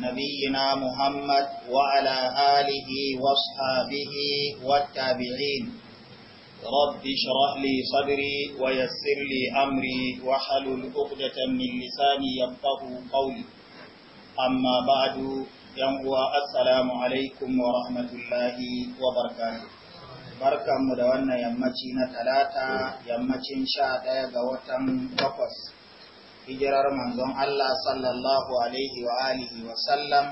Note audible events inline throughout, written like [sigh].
نبينا محمد وعلى آله واصحابه والتابعين رب اشرح لي صدري ويسر لي أمري وحلل عقدة من لساني يفقه قولي أما بعد ينقوى السلام عليكم ورحمة الله وبركاته barkanmu da wannan yammaci na talata yammacin sha ɗaya ga watan takwas hijirar manzon Allah sallallahu alaihi wa alihi wa sallam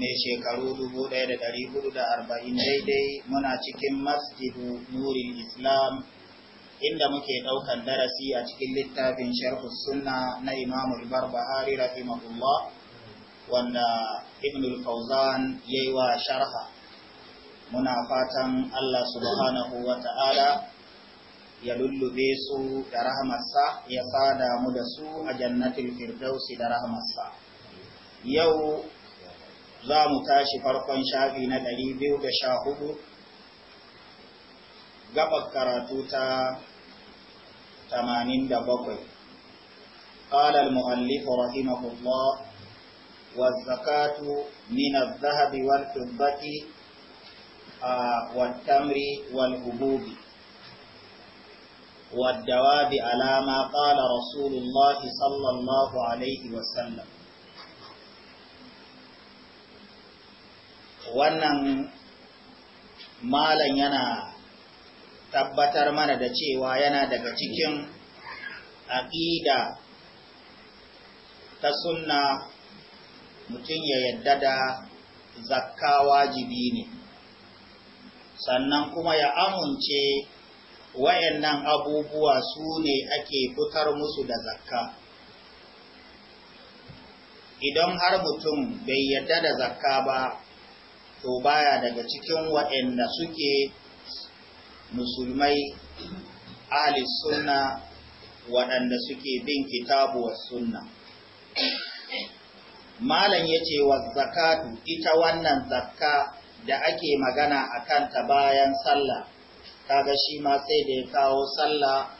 mai shekaru 1440 daidai muna cikin masjidu nurin islam inda muke ɗaukan darasi a cikin littafin sharh sunna na imamu barbahari rahimahullah wanda ibn al-fawzan yayi wa sharha muna fatan Allah subhanahu wa ta'ala ya lullube su da rahamarsa ya sada mu da su a jannatin firdausi da rahamarsa yau za mu tashi farkon shafi na 214 gabar karatu ta 87 قال المؤلف رحمه الله والزكاة من الذهب tamri والتمر والهبوب والدواب على ما قال رسول الله صلى الله عليه وسلم wannan malam yana tabbatar mana da cewa yana daga cikin aƙida ta sunna mutum ya yadda da zakka wajibi ne sannan kuma ya amince wayannan abubuwa su ne ake fitar musu da zakka idan har mutum bai yarda da zakka ba to baya daga cikin wayanda suke musulmai ahli sunna waɗanda suke bin kitabu wa sunna malam ya ce wa zakatu ita wannan zakka da ake magana a kanta bayan sallah kaga shi ma sai da ya kawo sallah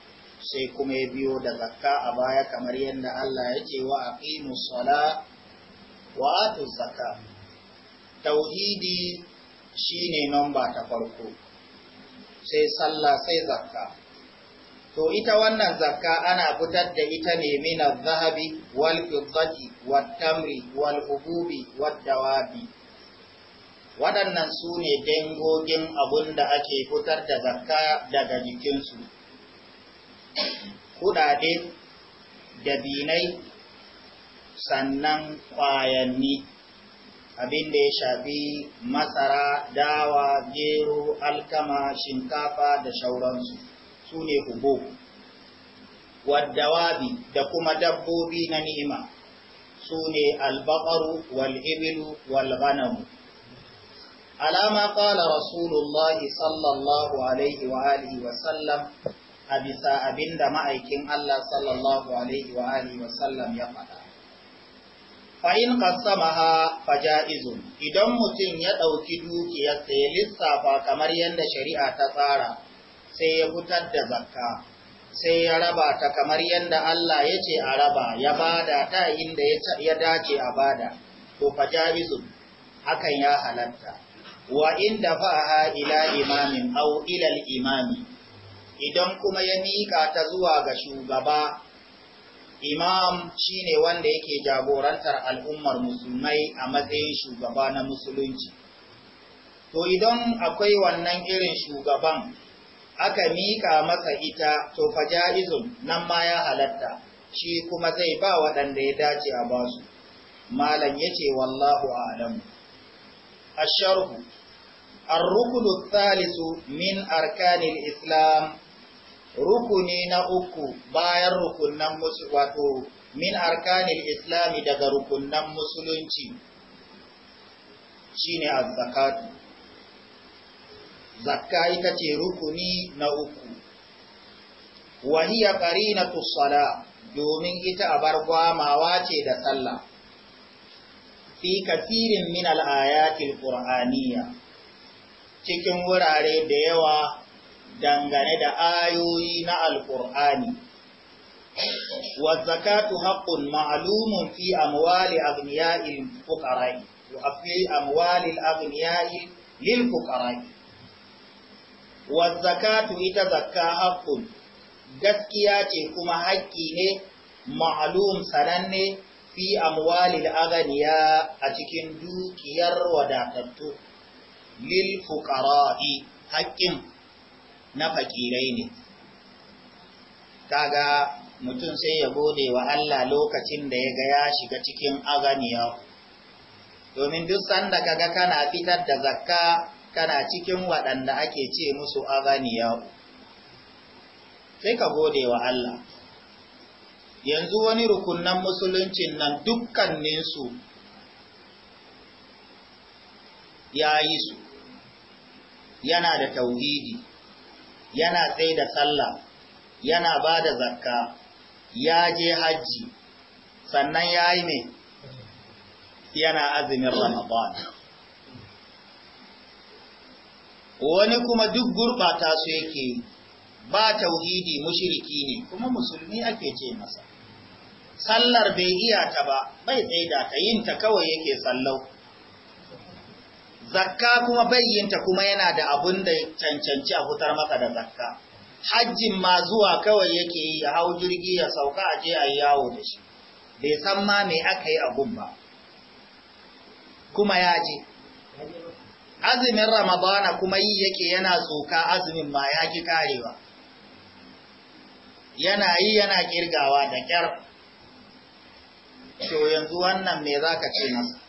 sai kuma ya biyo da zakka a baya kamar yadda Allah ya ce wa aqimu sala wa atu zakka tauhidi shine namba ta farko sai sallah sai zakka to ita wannan zakka ana fitar da ita ne min zahabi wal fiddati wat tamri wal hububi wad dawabi waɗannan su ne dangogin abun da ake fitar da zakka daga jikinsu kuɗaɗe dabinai sannan ƙwayanni abin da ya shafi masara dawa gero alkama shinkafa da shauransu su ne hugo waddawabi da kuma dabbobi na ni'ima su ne albaƙaru wal'ibilu walghanamu alama ƙwala rasulullahi sallallahu alaihi wa wa sallam a bisa abinda ma'aikin Allah sallallahu alaihi wa wa sallam ya faɗa. Fa'in ƙasamaha faja'izun, idan mutum ya ɗauki dukiyarsa ya lissafa kamar yadda shari'a ta tsara, sai ya fitar da zakka, sai ya raba ta kamar yadda Allah yace a raba, ya bada ta inda ya dace a bada, to faja'izun, hakan ya halatta. wa inda fa’a ila imamin au ilal imami idan kuma ya miƙa ta zuwa ga shugaba imam shine wanda yake jagorantar al'ummar musulmai a matsayin shugaba na musulunci to idan akwai wannan irin shugaban aka miƙa masa ita to faja'izun nan ma ya halatta shi kuma zai ba waɗanda ya dace a basu malam yace wallahu A sharhu. Ar-rukunu Salisu min arkanil Islam rukuni na uku bayan rukunan musu min arkanil Islami daga rukunan musulunci shine az zakka ita ce rukuni na uku wahiya qarinatu sala domin ita abar gwamawa ce da sallah fi kafirin min al-ayatil qur'aniyya cikin wurare da yawa dangane da ayoyi na Alƙur'ani. wazzakatu haqqun ma'lumun fi amwali aghniya'il fuqara'i wa fi amwali aghniya'i lil fuqara'i wazzakatu ita zakka haqqun gaskiya ce kuma haƙƙi ne ma'lum sananne fi amwali aghniya a cikin dukiyar wadatattu lil fuqara'i haƙƙin na fakirai ne ga mutum sai ya gode wa Allah lokacin da ya ga ya shiga cikin aganiyar, domin duk sanda kaga kana fitar da zakka kana cikin waɗanda ake ce musu aganiyar, sai ka gode wa Allah yanzu wani rukunan musuluncin nan dukkaninsu ya yi su yana da tauhidi yana tsaye da sallah yana ba da zakka ya je hajji sannan ya yi ne yana azumin ramadan wani kuma duk gurɓata su yake ba tauhidi mushiriki ne kuma musulmi ake ce masa sallar bai iya ta ba bai tsaida ta yin ta kawai yake sallau zakka kuma bayyanta kuma yana da abun da cancanci a fitar maka da zakka hajjin ma zuwa kawai yake yi ya hau jirgi ya sauka a je a yi yawo da shi bai san ma me aka yi abun ba kuma ya je azumin ramadana kuma yi yake yana tsoka azumin ma ya ki karewa yana yi yana kirgawa da kyar to yanzu wannan me za ka ce masa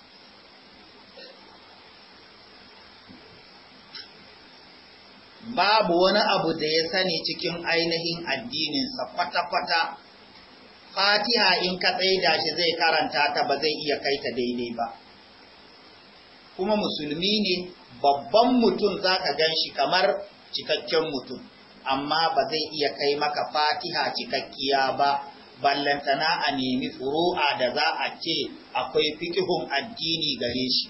babu wani abu da ya sani cikin ainihin addininsa kwata-kwata fatiha in ka tsaida shi zai karanta ta ba zai iya kai ta daidai ba kuma musulmi ne babban mutum za ka gan shi kamar cikakken mutum amma ba zai iya kai maka fatiha cikakkiya ba ballantana a nemi furu'a da za a ce akwai fikihun addini gare shi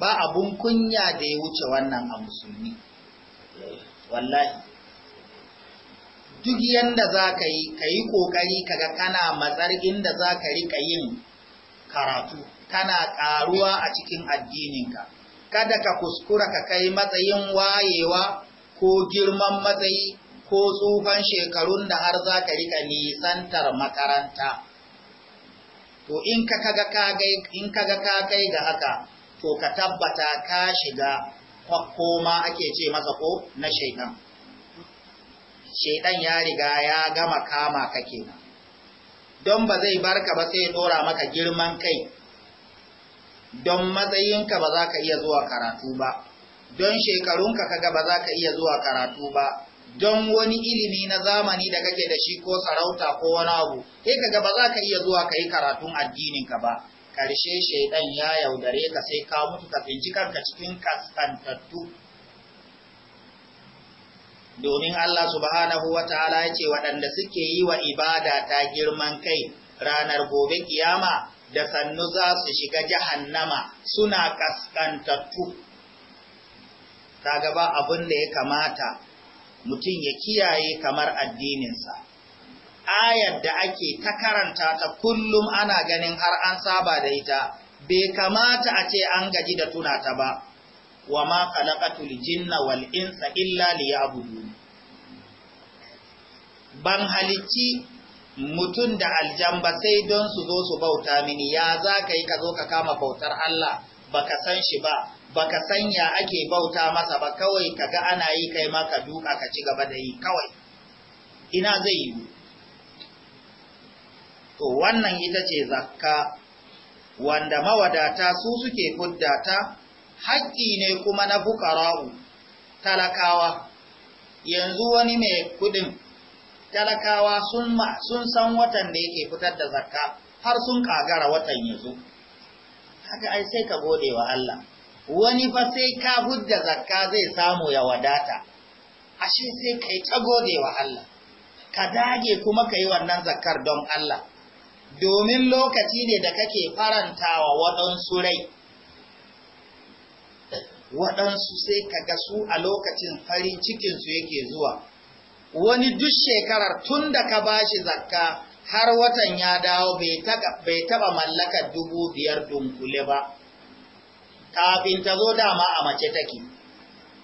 ba abun kunya da ya wuce wannan a musulmi. duk yanda za ka yi ka yi ƙoƙari kaga kana matsar inda za ka riƙa yin karatu kana ƙaruwa a cikin addininka kada ka kuskura ka kai matsayin wayewa ko girman matsayi ko tsufan shekarun da har za ka riƙa nisantar makaranta to in ka kaga ka kai ga haka to ka tabbata ka shiga Koma ma ake ce masa ko na shaidan shaidan ya riga ya gama kama kake kenan don ba zai barka ba sai dora maka girman kai don matsayinka ba za ka iya zuwa karatu ba don shekarunka kaga ba za ka iya zuwa karatu ba don wani ilimi na zamani da kake da shi ko sarauta ko wani abu sai kaga ba za ka iya zuwa ka yi karatun addininka ba Karshe shaidan ya yaudare ka sai ka mutu ka binci kanka cikin kaskantattu domin Allah subhanahu wa ta'ala ya ce waɗanda suke yi wa ibada ta girman kai ranar gobe kiyama da sannu za su shiga jahannama suna kaskantattu ta gaba abin da ya kamata mutum ya kiyaye kamar addininsa ayar da ake ta karanta ta kullum ana ganin har an saba da ita bai kamata a ce an gaji da tuna ta ba wa ma khalaqatul jinna wal insa illa liya'budun ban halicci mutum da aljamba sai don su zo su bauta mini ya za ka yi ka zo ka kama bautar Allah baka san shi ba baka san ya ake bauta masa ba kawai kaga ana yi kai maka ka duka ka ci gaba da yi kawai ina zai yi to wannan ita ce zakka wanda mawadata su suke kuddata haƙƙi ne kuma na buƙara'u talakawa yanzu wani mai kudin talakawa sun san watan da yake fitar da zakka har sun kagara watan yanzu haka ai sai ka gode wa Allah wani fa sai ka hudda zakka zai samu ya wadata ashe sai kai ta gode wa Allah ka dage kuma ka yi wannan zakkar don Allah domin lokaci ne da kake farantawa waɗansu rai waɗansu sai kaga su a lokacin farin cikinsu yake zuwa wani duk shekarar tun da ka ba shi zakka har watan ya dawo bai taɓa mallakar dubu biyar dunkule ba kafin ta zo dama a mace take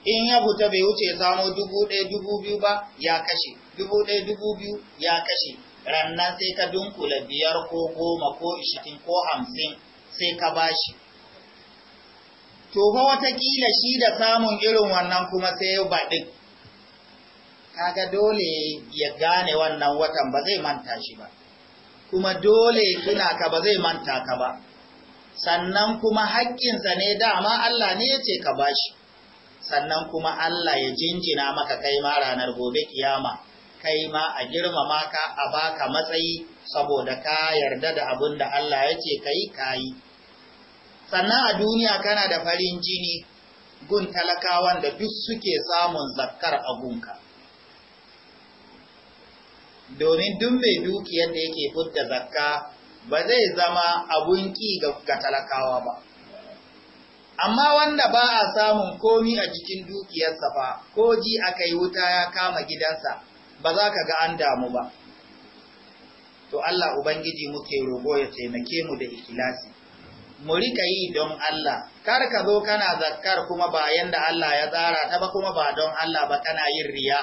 in ya fita bai wuce samo dubu ɗaya dubu biyu ba ya kashe dubu ɗaya dubu biyu ya kashe rannan sai ka dunkula biyar ko goma ko ishirin ko hamsin sai ka bashi to fa watakila shi da samun irin wannan kuma sai ya baɗin kaga dole ya gane wannan watan ba zai manta shi ba kuma dole tuna ka ba zai manta ka ba sannan kuma haƙƙinsa ne dama Allah ne ya ce ka bashi sannan kuma Allah ya jinjina maka kai ma ranar gobe kiyama kai ma a girmama ka a baka matsayi saboda ka yarda da abin da Allah ya ce ka yi ka yi sannan a duniya kana da farin jini gun talakawan da duk suke samun zakkar a gunka domin duk mai dukiyar da yake fudda zakka ba zai zama abun ki ga talakawa ba amma wanda ba a samun komi a jikin dukiyarsa fa ko ji aka yi wuta ya kama gidansa ba za ka ga an damu ba to Allah ubangiji muke rogo ya taimake mu da ikhlasi mu rika yi don Allah kar ka zo kana zakkar kuma ba yanda Allah ya tsara ta ba kuma ba don Allah ba kana yin riya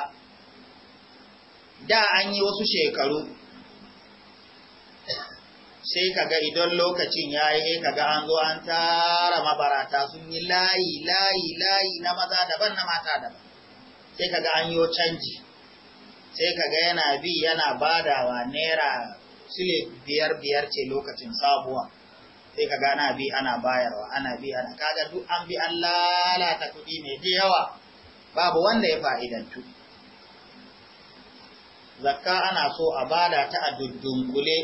da an yi wasu shekaru sai kaga idan lokacin ya yi ga an zo an tara mabarata sun yi layi layi layi na maza daban na mata daban sai kaga an yi canji sai kaga yana bi yana badawa naira sile biyar biyar ce lokacin sabuwa sai kaga na bi ana bayarwa ana bi ana kaga duk an bi an lalata kuɗi mai da yawa babu wanda ya fa'idantu zakka ana so a bada ta a dudunkule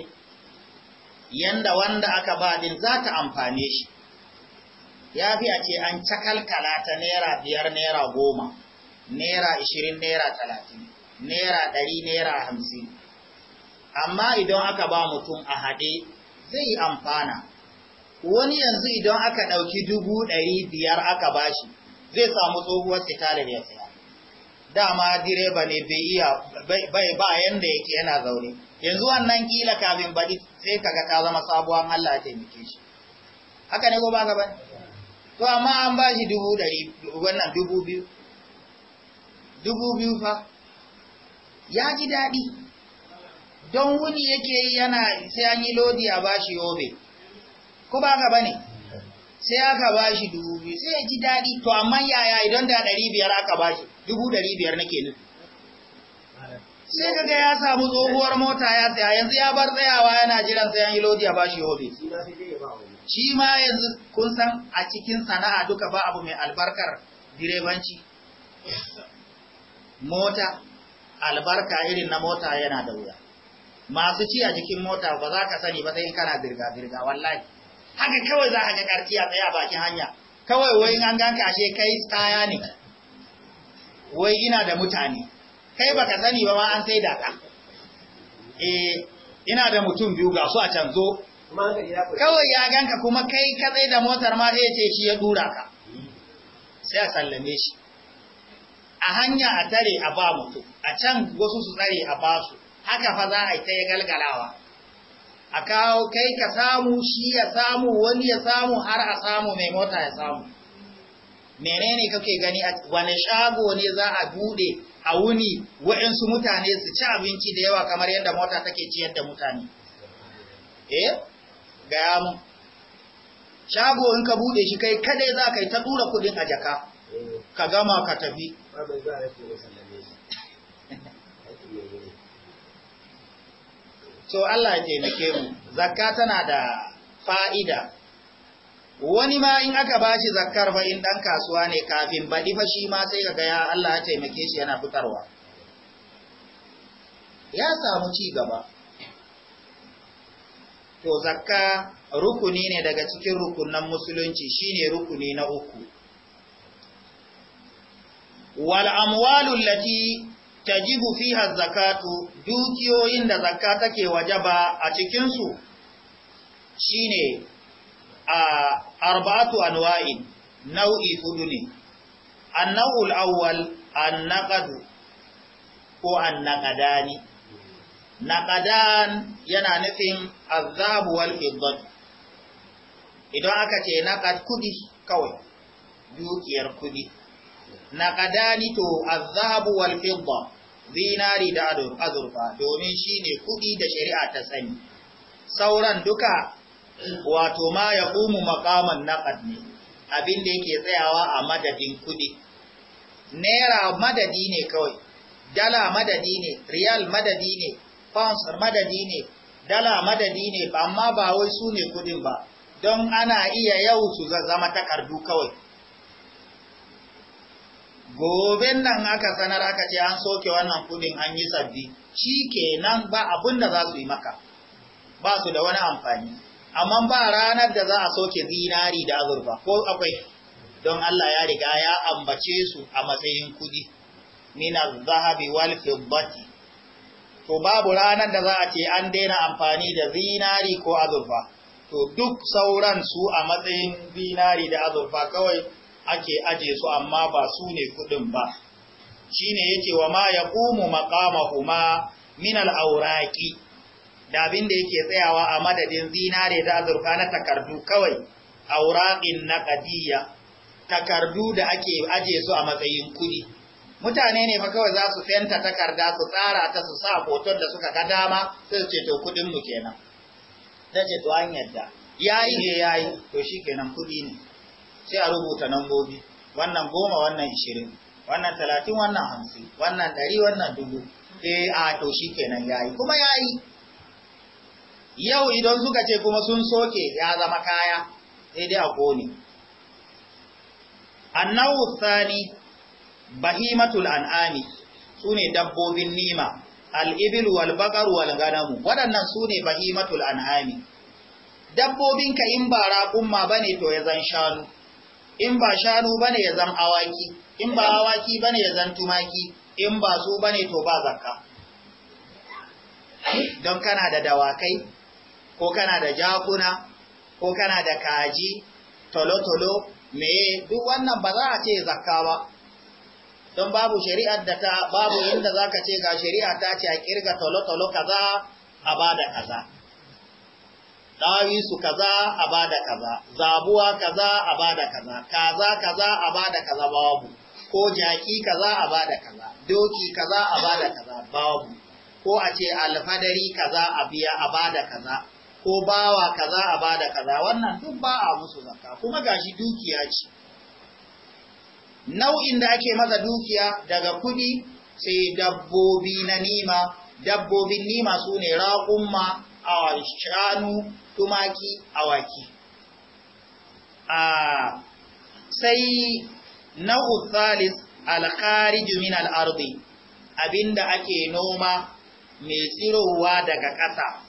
yanda wanda aka ba za ta amfane shi ya fi a ce an cakalkala ta naira biyar naira goma naira ishirin naira talatin naira ɗari naira hamsin amma idan aka ba mutum a haɗe zai yi amfana wani yanzu idan aka ɗauki dubu ɗari biyar aka bashi zai samu tsohuwar sitalar ya saya dama direba ne bai iya bai ba yanda yake yana zaune yanzu wannan kila kafin baɗi sai kaga ta zama sabuwar Allah ya taimake shi haka ne ko ba ka bane to amma an ba shi dubu ɗari wannan dubu biyu dubu biyu fa ya ji daɗi don wuni yake yi yana sai an yi lodi a shi yobe ko ba ka bane sai aka ba shi dubu biyu sai ya ji daɗi to amma yaya idan da ɗari biyar aka ba shi. dubu ɗari biyar nake nufi sai kaga ya samu tsohuwar mota ya tsaya yanzu ya bar tsayawa yana jiran sai an yi lodi a shi yobe shi ma yanzu kun san a cikin sana'a duka ba abu mai albarkar direbanci mota albarka irin na mota yana da wuya masu ci a jikin mota ba za ka sani ba sai in kana zirga-zirga wallahi haka kawai za ka ga karti a tsaye a bakin hanya kawai wai an ganka ashe kai tsaya ne wai ina da mutane kai baka sani ba ma an sai da ka eh ina da mutum biyu ga su a can zo kawai ya ganka kuma kai ka tsaye da motar ma sai ce shi ya dura ka sai a sallame shi a hanya a tare a ba mutum a can wasu su tsare a ba su haka fa za a yi ta ya galgalawa a kawo kai ka samu shi ya samu wani ya samu har a samu mai mota ya samu menene kake gani a wani shago ne za a bude a wuni wa'insu mutane su ci abinci da yawa kamar yadda mota take ciyar da mutane eh gaya mu shago in ka bude shi kai kadai za ka yi ta dura kudin a jaka ka gama ka tafi ba so Allah ya taimake mu zakka tana da fa'ida wani ma in aka bashi zakkar fa in dan kasuwa ne kafin baɗi fa shi ma sai ga ya Allah ya taimake shi yana fitarwa ya samu ci gaba to zakka rukuni ne daga cikin rukunan musulunci shine rukuni na uku wal amwalu lati tajibu fi zakatu dukiyoyin da zakka take wajaba a cikinsu? su shine a arba'atu anwa'in nau'i hudu ne annawul awwal annaqadu ko annaqadani naqadan yana nufin azab wal idan aka ce naqad kudi kawai dukiyar kudi naqadani to az-zahab wal zinari da azurfa domin shine kuɗi da shari'a ta sani sauran duka wato ma ya qumu makaman naqad ne abin da yake tsayawa a madadin kuɗi. naira madadi ne kawai dala madadi ne riyal madadi ne pounds madadi ne dala madadi ne amma ba wai sune ne kudin ba don ana iya yau su zama takardu kawai goben nan aka sanar aka ce an soke wannan kudin an yi sabbi shi kenan ba abin da za su yi maka ba su da wani amfani amma ba ranar da za a soke zinari da azurfa ko akwai don Allah ya riga ya ambace su a matsayin kudi min zahabi wal fiddati to babu ranar da za a ce an daina amfani da zinari ko azurfa to duk sauran su a matsayin zinari da azurfa kawai ake aje su amma ba su ne kuɗin ba shine yake wa ma kumu maqamahuma min minal auraki da abin da yake tsayawa a madadin zinare da azurfa na takardu kawai auraƙin na ƙadiyya takardu da ake aje su a matsayin kudi mutane ne fa kawai za su fenta takarda su tsara ta su sa hoton da suka ga dama sai su ce to kudin mu kenan da ce to an yadda yayi ne yayi to shi kenan kudi ne sai a rubuta nambobi wannan goma wannan ishirin wannan talatin wannan hamsin wannan ɗari wannan dubu eh a to shi kenan ya yi kuma ya yi yau idan suka ce kuma sun soke ya zama kaya sai dai a kone annawu sani bahimatul an'ami sune dabbobin nima al'ibil wal bakar wal ganamu waɗannan sune bahimatul an'ami dabbobinka in ba raƙumma bane to ya zan shanu in ba shanu bane ya zan awaki in ba awaki bane ya zan tumaki in ba su bane to ba zakka don kana da dawakai ko kana da jakuna ko kana da kaji tolotolo meye duk wannan ba za a ce zakka ba don babu shari'ar da ta babu inda zaka ce ga shari'a ta ce a kirga tolotolo kaza a ba da kaza su kaza a bada kaza zabuwa kaza a bada kaza kaza kaza a bada kaza babu ko jaki kaza a bada kaza doki kaza a bada kaza babu ko a ce alfadari kaza a biya a bada kaza ko bawa kaza a bada kaza wannan duk ba a musu zakka kuma gashi dukiya ce nau'in da ake maza dukiya daga kuɗi sai dabbobi na nima dabbobin nima su ne raƙumma shanu tumaki awaki a ah, sai na Uthalis alkhariju min al abinda ake noma mai tsirowa daga ƙasa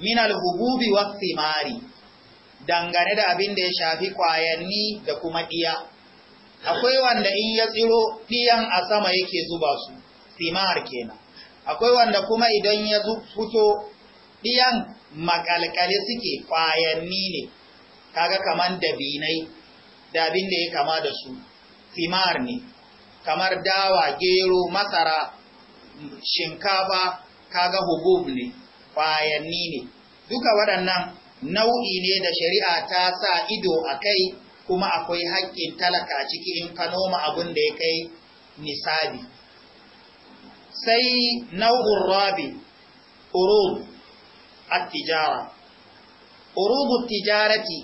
min al-hububi was dangane da abinda ya shafi kwayanni da kuma ɗiya. Akwai wanda in ya tsiro ɗiyan a sama yake zuba su, simar kenan. Akwai wanda kuma idan ya fito ɗiyan makalkale suke ƙwayanni ne kaga kaman dabinai da abin da ya kama da su fimar ne kamar dawa gero masara shinkafa kaga hubub ne ƙwayanni ne duka waɗannan nau'i ne da shari'a ta sa ido a kai kuma akwai haƙƙin talaka ciki in ka noma abin da ya kai nisabi sai nau'un rabi urud at-tijara tijarati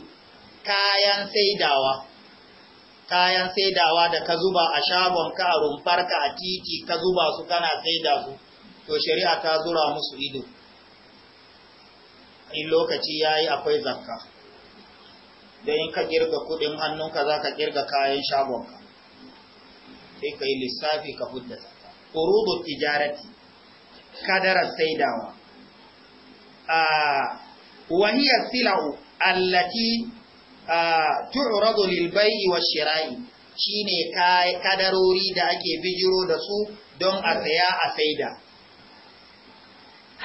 kayan saidawa kayan saidawa da ka zuba a shagon ka a rumfarka a titi ka zuba su kana saida su to shari'a ta zura musu ido in lokaci yayi akwai zakka don in ka girga kudin hannunka za ka girga kayan shagonka sai ka yi lissafi ka fudda zakka urudu tijarati kadarar saidawa wahiyar sila'u allati tu'radu lil bai'i wa shira'i shine kadarori da ake bijiro da su don a saya a saida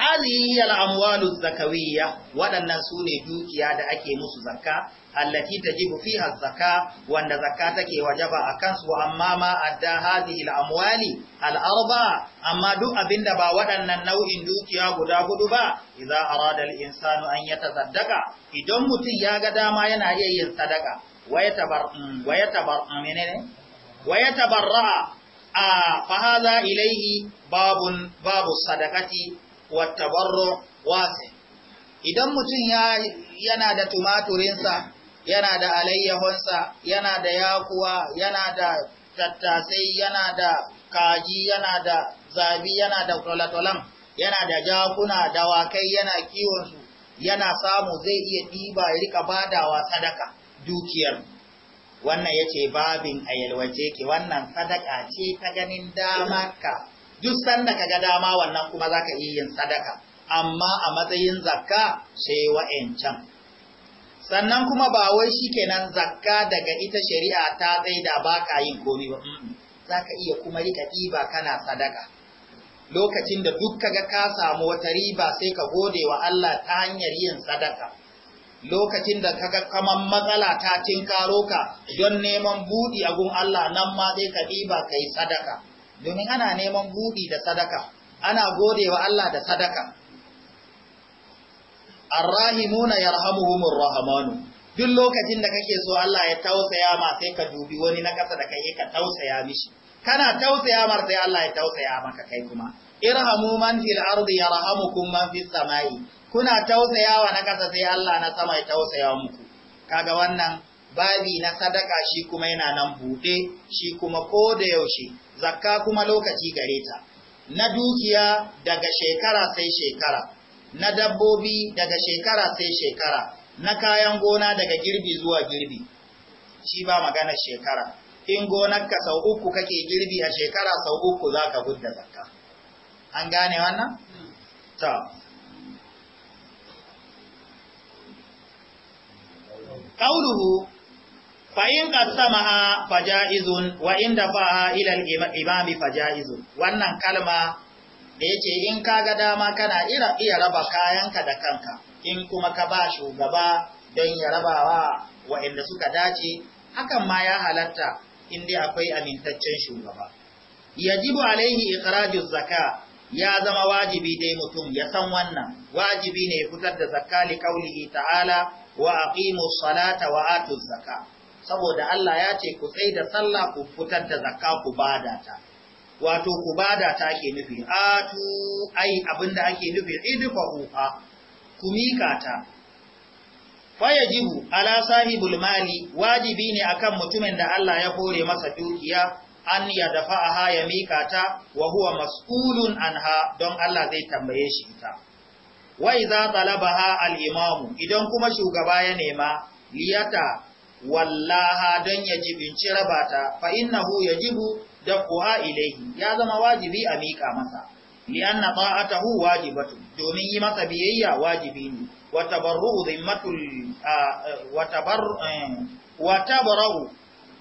hazihi al'amwalu zakawiyya waɗannan su ne dukiya da ake musu zakka allati tajibu fiha zakka wanda zakka take wajaba a kansu amma ma adda hazihi al'amwali al'arba amma duk abinda ba waɗannan nau'in dukiya guda hudu ba idza arada al-insanu an yatasaddaqa idan mutum ya ga dama yana iya yin sadaka waya tabar waya tabar menene waya tabarra a fa hadha babun babu sadakati. wattabarro wasi idan mutum yana da tumaturinsa yana da alayyahonsa yana da yakuwa yana da tattasai yana da kaji yana da zabi yana da tolatolan yana da jakuna da dawakai yana kiwon su, yana samu zai iya ɗiba ya rika badawa sadaka dukiyar wannan ya ce babin a yalwace ki wannan sadaka ce ta ganin ka. duk sanda ka ga dama wannan kuma za ka iya yin sadaka amma a matsayin zakka sai wa'yancan sannan kuma ba wai shi kenan zakka daga ita shari'a ta tsaida ba ka yin komi ba za ka iya kuma rika ɗiba kana sadaka lokacin da duk kaga ka samu wata riba sai ka gode wa Allah ta hanyar yin sadaka lokacin da kaga kamar matsala ta tinkaro ka don neman buɗi a Allah nan ma sai ka ɗiba ka yi sadaka domin ana neman buɗi da sadaka ana godewa Allah da sadaka arrahimuna yarhamuhumur rahmanu duk lokacin da kake so Allah ya tausaya ma sai ka dubi wani na kasa da kai ka tausaya mishi kana tausaya mar sai Allah ya tausaya maka kai kuma irhamu man fil ardi yarhamukum man fis samai kuna tausayawa na kasa sai Allah na sama ya tausaya muku kaga wannan babi na sadaka shi kuma yana nan buɗe shi kuma ko da yaushe zakka kuma lokaci gare ta na dukiya daga shekara sai shekara na dabbobi daga shekara sai shekara na kayan gona daga girbi zuwa girbi shi ba magana shekara in gonarka sau uku kake girbi a shekara sau uku za ka gudda zakka an gane wannan? ta fa'in ƙasamaha Faja'izu, wa inda fa'a ilal imami faja'izun wannan kalma da yake in ka ga dama kana iya raba kayanka da kanka in kuma ka ba shugaba don ya rabawa wa'inda suka dace hakan ma ya halatta in dai akwai amintaccen shugaba Ya yajibu alaihi ikhrajuz zaka ya zama wajibi dai mutum ya san wannan wajibi ne fitar da zakka li ta'ala wa aqimu salata wa atu zakka saboda Allah ya ce ku tsaye da sallah ku fitar da zakka ku bada ta wato ku bada ta ke nufi atu ai abinda ake nufi idfa ufa, ku mika ta Fa yajibu ala sahibul mali wajibi ne akan mutumin da Allah ya kore masa dukiya an ya dafa aha ya mika ta wa huwa mas'ulun anha don Allah zai tambaye shi ta wa idza talabaha al imam idan kuma shugaba ya nema liyata wallaha don ya jibinci ta fa innahu yajibu dafuha ilaihi ya zama wajibi a miƙa masa li'anna ta'atahu wajibatu domin yi masa biyayya wajibi ne wa tabarru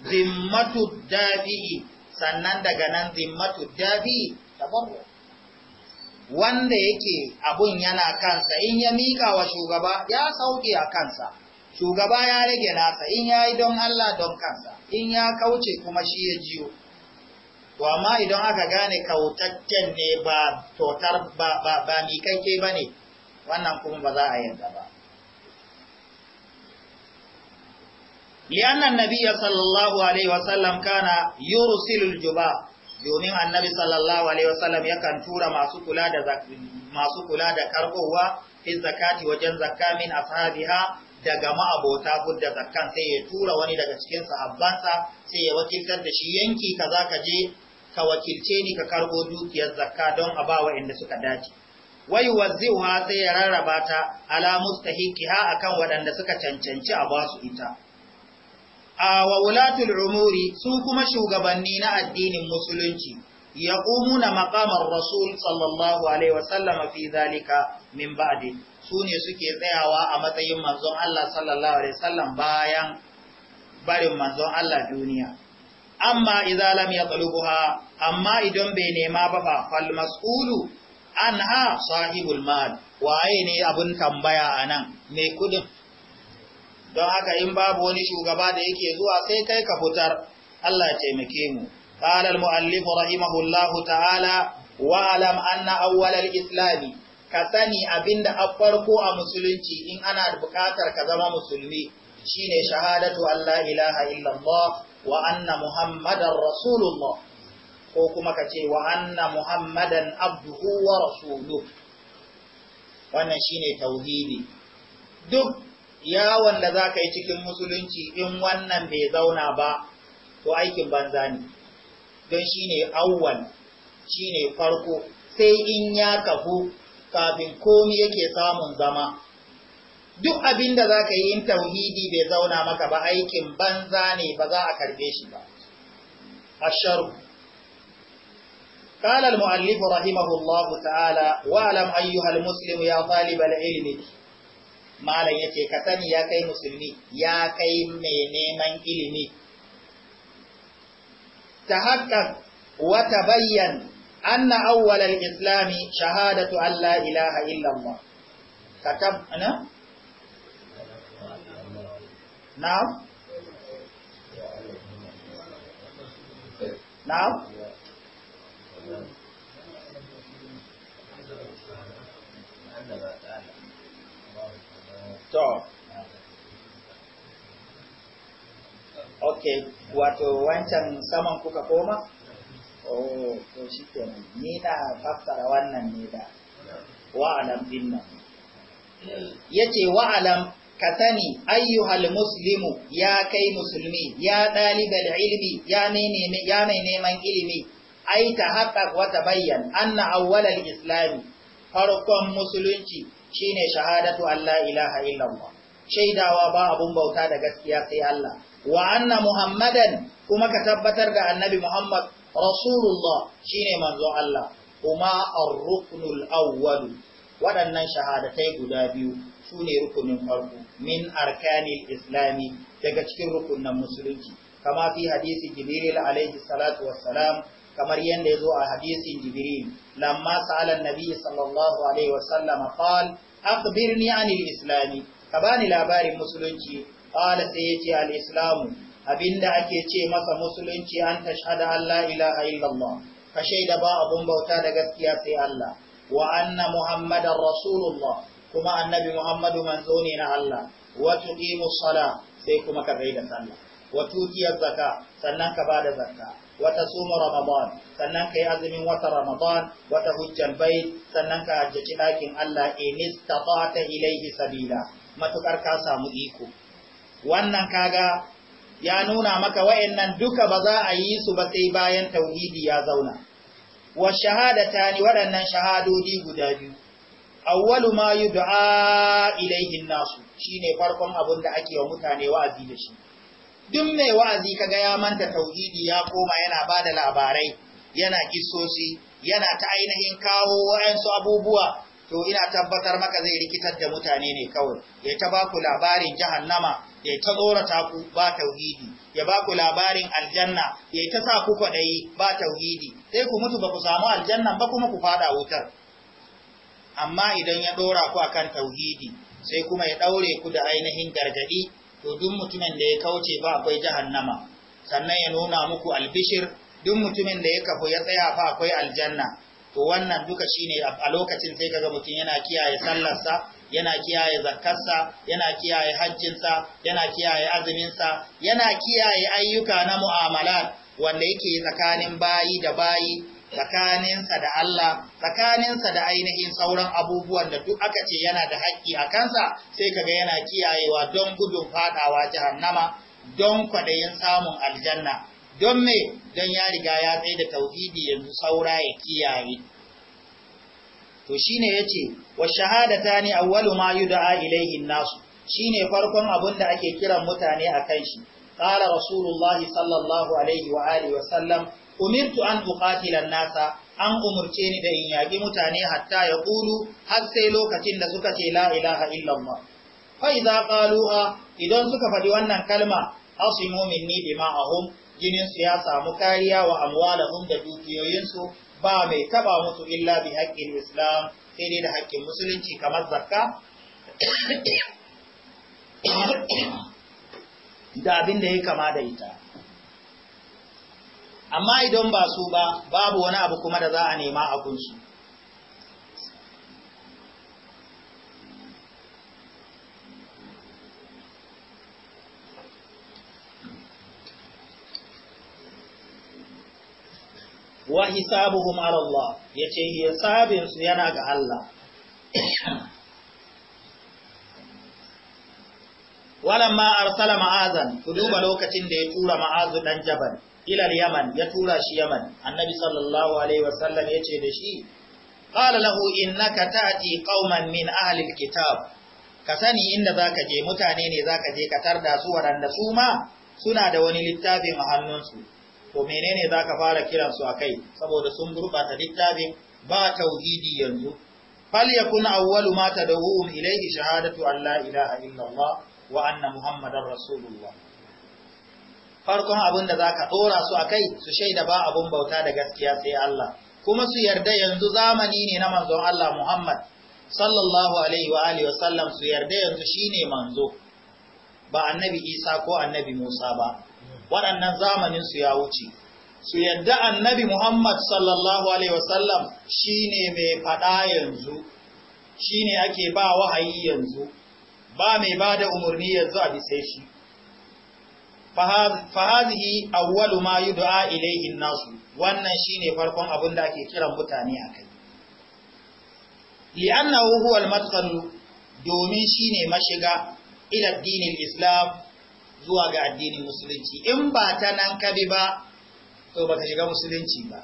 zimmatu wa sannan daga nan zimmatud dafi'i tabarru wanda yake abun yana kansa in ya miƙa wa shugaba ya sauke a kansa shugaba ya rage nasa in ya yi don Allah don kansa in ya kauce kuma shi ya jiyo to amma idan aka gane kautaccen ne ba totar ba ba ba mikakke ba ne wannan kuma ba za a yarda ba li'annan nabiyya sallallahu alaihi wasallam kana yursilul juba domin annabi sallallahu alaihi wasallam yakan tura masu kula da masu kula da karbowa fi zakati wajen zakamin min ashabiha daga ma'abota budda zakkan sai ya tura wani daga cikin sahabbansa sai ya wakiltar da shi yanki kaza ka je ka wakilce ni ka karbo dukiyar zakka don a ba inda suka dace wai wazi'uha sai ya rarraba ta ala ha akan waɗanda suka cancanci a basu ita a wa wulatul umuri su kuma shugabanni na addinin musulunci yaqumuna maqamar rasul sallallahu alaihi wasallam fi zalika min ba'di su ne suke tsayawa a matsayin manzon Allah sallallahu alaihi wasallam bayan barin manzon Allah duniya amma izalam ya yatlubuha amma idan bai nema ba fa fal mas'ulu anha sahibul mal waye ne abun tambaya anan mai kudin don haka in babu wani shugaba da yake zuwa sai kai ka fitar Allah ya taimake mu Ƙalal mu'allifu rahimahullahu ta'ala wa alam anna awwal islami ka sani abinda a farko a musulunci in ana buƙatar ka zama musulmi shi ne shahadatu Allah ilaha illallah wa anna muhammadan rasulullah ko kuma ka ce wa anna muhammadan abduhu wa rasulu wannan ne tauhidi duk yawon da za ka yi cikin musulunci in wannan bai zauna ba to aikin banza ne don shi shine awwal ne farko sai in ya kafu kafin komi yake samun zama duk abinda za ka yi in tauhidi bai zauna maka ba aikin banza ne ba za a karbe shi ba asharu قال المؤلف رحمه الله تعالى واعلم ايها المسلم يا طالب العلم malam ya ce ka sani ya kai musulmi ya kai mai neman ilimi ta haƙƙa wata bayyan anna awwalal islami shahadatu alla ilaha illallah katab ana na'am na'am to okay wato wancan saman kuka koma oh to shi kenan ni na fassara wannan ne da wa'alam din nan ce wa'alam ka sani ayyuhal muslimu ya kai musulmi ya dalibal ilmi ya mai neman ilimi ai ta haqqaq wata bayan anna awwalal islami farkon musulunci shine shahadatu Allah ilaha illallah shaidawa ba abun bauta da gaskiya sai Allah wa anna muhammadan kuma ka tabbatar da annabi muhammad rasulullah shine manzo Allah kuma ar-ruknul awwal waɗannan shahadatai guda biyu su ne rukunin farko min arkanil islami daga cikin rukunin musulunci kama fi hadisi jibril alaihi salatu wassalam kamar yadda ya zo a hadisin jibril lamma sa'ala nabi sallallahu alaihi wasallam qal akhbirni anil islami ka bani labarin musulunci qala sai yace al islamu abinda ake ce masa musulunci an tashhada Allah ilaha illallah ka shaida ba abun bauta da gaskiya sai Allah wa anna muhammadar rasulullah kuma annabi muhammadu manzo ne na Allah wa tuqimu sala sai kuma ka da sallah wa tuqiya zaka sannan ka da zakka wa tasumu ramadan sannan ka yi azumin wata ramadan wa tahujjal bait sannan ka hajjaci dakin Allah in ta ilayhi sabila matukar ka samu iko wannan kaga ya nuna maka wa'annan duka ba za a yi su ba sai bayan tauhidi ya zauna wa shahada ta ni waɗannan shahadodi guda biyu awwalu ma du’a ilaihin nasu shine farkon abin da ake wa mutane wa'azi da shi duk mai wa'azi kaga ya manta tauhidi ya koma yana ba da labarai yana kisosi yana ta ainihin kawo wa'ansu abubuwa to ina tabbatar maka zai rikitar da mutane ne kawai ya ta ba ku labarin Nama? ya ta tsorata ku ba tauhidi ya ba ku labarin aljanna ya ta sa ku kwaɗayi ba tauhidi sai ku mutu ba ku samu aljannan ba kuma ku fada wutar amma idan ya ɗora ku akan tauhidi sai kuma ya ɗaure ku da ainihin gargadi, to duk mutumin da ya kauce ba akwai jahannama sannan ya nuna muku albishir duk mutumin da ya kafu ya tsaya fa akwai aljanna to wannan duka shine a lokacin sai kaga mutum yana kiyaye sallarsa yana kiyaye zakarsa yana kiyaye hajjinsa yana kiyaye azuminsa yana kiyaye ayyuka na mu'amalat wanda yake tsakanin bayi da bayi tsakaninsa da Allah tsakaninsa da ainihin sauran abubuwan da duk aka ce yana da haƙƙi a kansa sai kaga yana kiyayewa don gudun fadawa jahannama don kwaɗayin samun aljanna don me don ya riga ya tsaye da tauhidi yanzu saura ya kiyaye to shine yace wa shahadatani awwalu ma yud'a ilayhi an-nasu shine farkon abun da ake kiran mutane akan shi qala rasulullahi sallallahu alaihi wa alihi wa sallam umirtu an uqatila nasa an umurce ni da in yaki mutane hatta ya ƙulu har sai lokacin da suka ce la ilaha illallah fa idza qaluha idan suka faɗi wannan kalma asimu minni dima'ahum jinin su ya samu kariya wa amwalahum da dukiyoyinsu ba mai taba musu illa bi haƙƙin islam sai dai da haƙƙin musulunci kamar zakka da abin da ya kama da ita amma idan ba su ba babu wani abu kuma da za a nema a kunsu wa hisabuhum ala Allah yace hisabin su yana ga Allah walamma arsala ma'azan ku duba lokacin da ya tura ma'azu dan jabal ila yaman ya tura shi yaman annabi sallallahu alaihi wasallam yace da shi qala lahu innaka ta'ti qauman min ahli alkitab ka sani inda zaka je mutane ne zaka je ka tarda su waɗanda su ma suna da wani littafin a hannunsu ko menene za ka fara kiransu a kai saboda sun gurɓata littafin ba tauhidi yanzu falyakun awwalu ma tad'uhum ilayhi shahadatu an la ilaha illallah wa anna muhammadar rasulullah farkon abin da zaka dora su akai su shaida ba abun bauta da gaskiya sai Allah kuma su yarda yanzu zamani ne na manzon Allah Muhammad sallallahu alaihi wa alihi wa sallam su yarda yanzu shine manzo ba annabi Isa ko annabi Musa ba waɗannan zamanin su ya wuce su yadda annabi Muhammad sallallahu alaihi wasallam shine mai faɗa yanzu shine ake ba wahayi yanzu ba mai ba da umarni yanzu a bisa shi fahazihi awwalu ma yud'a ilayhi nasu wannan shine farkon abin da ake kiran mutane akai li'annahu huwa al-madkhal domin shine mashiga ila dinil islam zuwa ga addinin musulunci in ba ta nan ka bi ba to baka shiga musulunci ba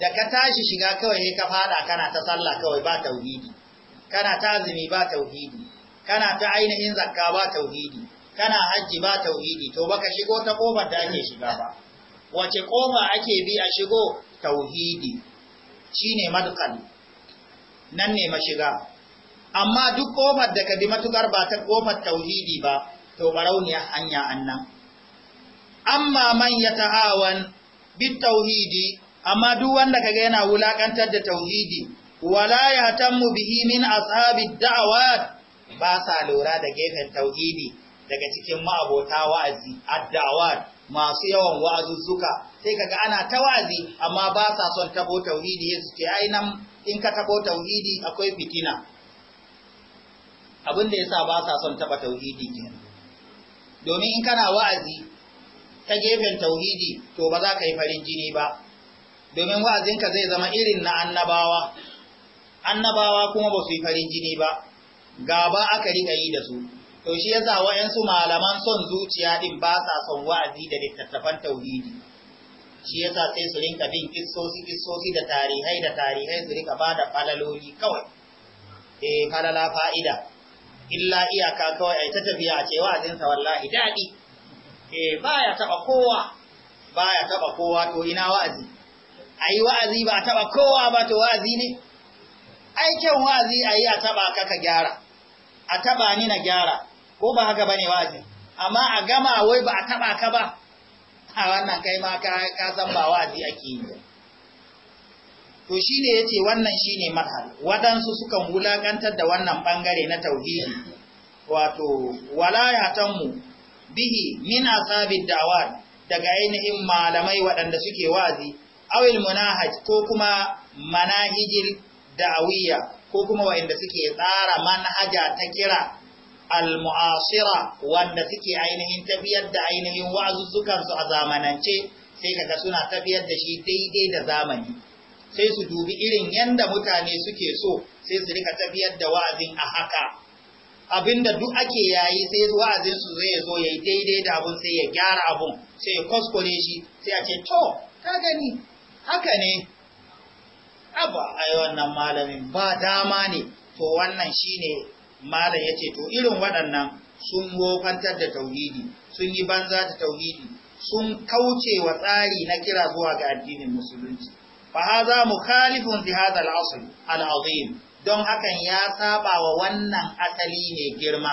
da ka tashi shiga kawai sai ka fada kana ta sallah kawai ba tauhidi kana ta azumi ba tauhidi kana ta ainihin zakka ba tauhidi kana hajji ba tauhidi to baka shigo ta kofar da ake shiga ba wace koma ake bi a shigo tauhidi shine madkal nan ne shiga. amma duk kofar da ka bi matukar ba ta kofar tauhidi ba to barauniya hanya annan amma man ya ta'awan bit tauhidi amma duk wanda kaga yana wulakantar da tauhidi wala ya tammu bihi min ashabi da'awat ba sa lura da gefen tauhidi daga cikin ma'abota wa'azi addawat masu yawan wa'azuzzuka sai kaga ana ta wa'azi amma ba sa son tabo tauhidi yanzu ke ai nan in ka tabo tauhidi akwai fitina abin da yasa ba sa son taba tauhidi ke domin in kana wa'azi ta gefen tauhidi to ba za ka yi farin jini ba domin wa'azinka zai zama irin na annabawa annabawa kuma ba su yi farin jini ba ga ba aka rika yi da su to shi yasa wa'yansu malaman son zuciya din ba sa son wa'azi da littattafan tauhidi shi yasa sai su rinka bin kissosi kissosi da tarihai da tarihai su rika ba da falaloli kawai eh falala fa'ida illa iyaka kawai ai ta tafiya a ce wa'azinsa wallahi daɗi eh baya taba kowa baya taba kowa to ina wa'azi ai wa'azi ba taba kowa ba to wa'azi ne aikin wa'azi yi a taba ka ka gyara a taba ni na gyara ko ba haka bane wa'azi amma a gama wai ba a taba ka ba a wannan kai ma ka san ba wa'azi ake yi to shi shine yace wannan shi ne mahal Waɗansu sukan wulaƙantar da wannan ɓangare na tauhidi wato walayatanmu bihi min sabid dawar daga ainihin malamai waɗanda suke wazi awil munahaj ko kuma manahijil da'awiyya ko kuma waɗanda suke tsara manhaja ta kira al-mu'asira wanda suke ainihin tafiyar da ainihin wa'azuzzukan a zamanance sai kaga suna tafiyar da shi daidai da zamani sai su dubi irin yanda mutane suke so sai su rika tafiyar da wa'azin a haka abinda duk ake yayi sai wa'azin su zai zo yayi daidai da abun sai ya gyara abun sai ya kuskure shi sai a ce to ka gani haka ne aba ai wannan malamin ba dama ne to wannan shine malam yace to irin waɗannan sun wofantar da tauhidi sun yi banza da tauhidi sun kauce wa tsari na kira zuwa ga addinin musulunci fa mukhalifun fi hadha al-asl al-azim don hakan ya saba wa wannan asali ne girma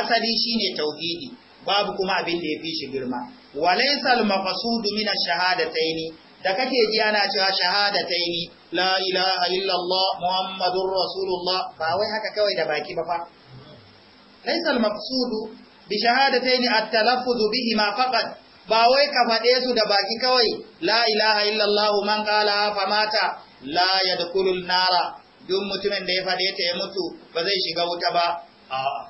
asali shine tauhidi babu kuma abin da yafi shi girma walaysa al-maqsud min ash-shahadataini da kake ji ana cewa shahadataini la ilaha Allah, muhammadur rasulullah ba wai haka kawai da baki ba fa laysa al-maqsud bi shahadataini at-talaffuz bihima faqat ba wai ka faɗe su da baki kawai la ilaha illallahu man qala fa mata la yadkhulul nara duk mutumin da ya faɗe ta ya mutu ba zai shiga wuta ba a'a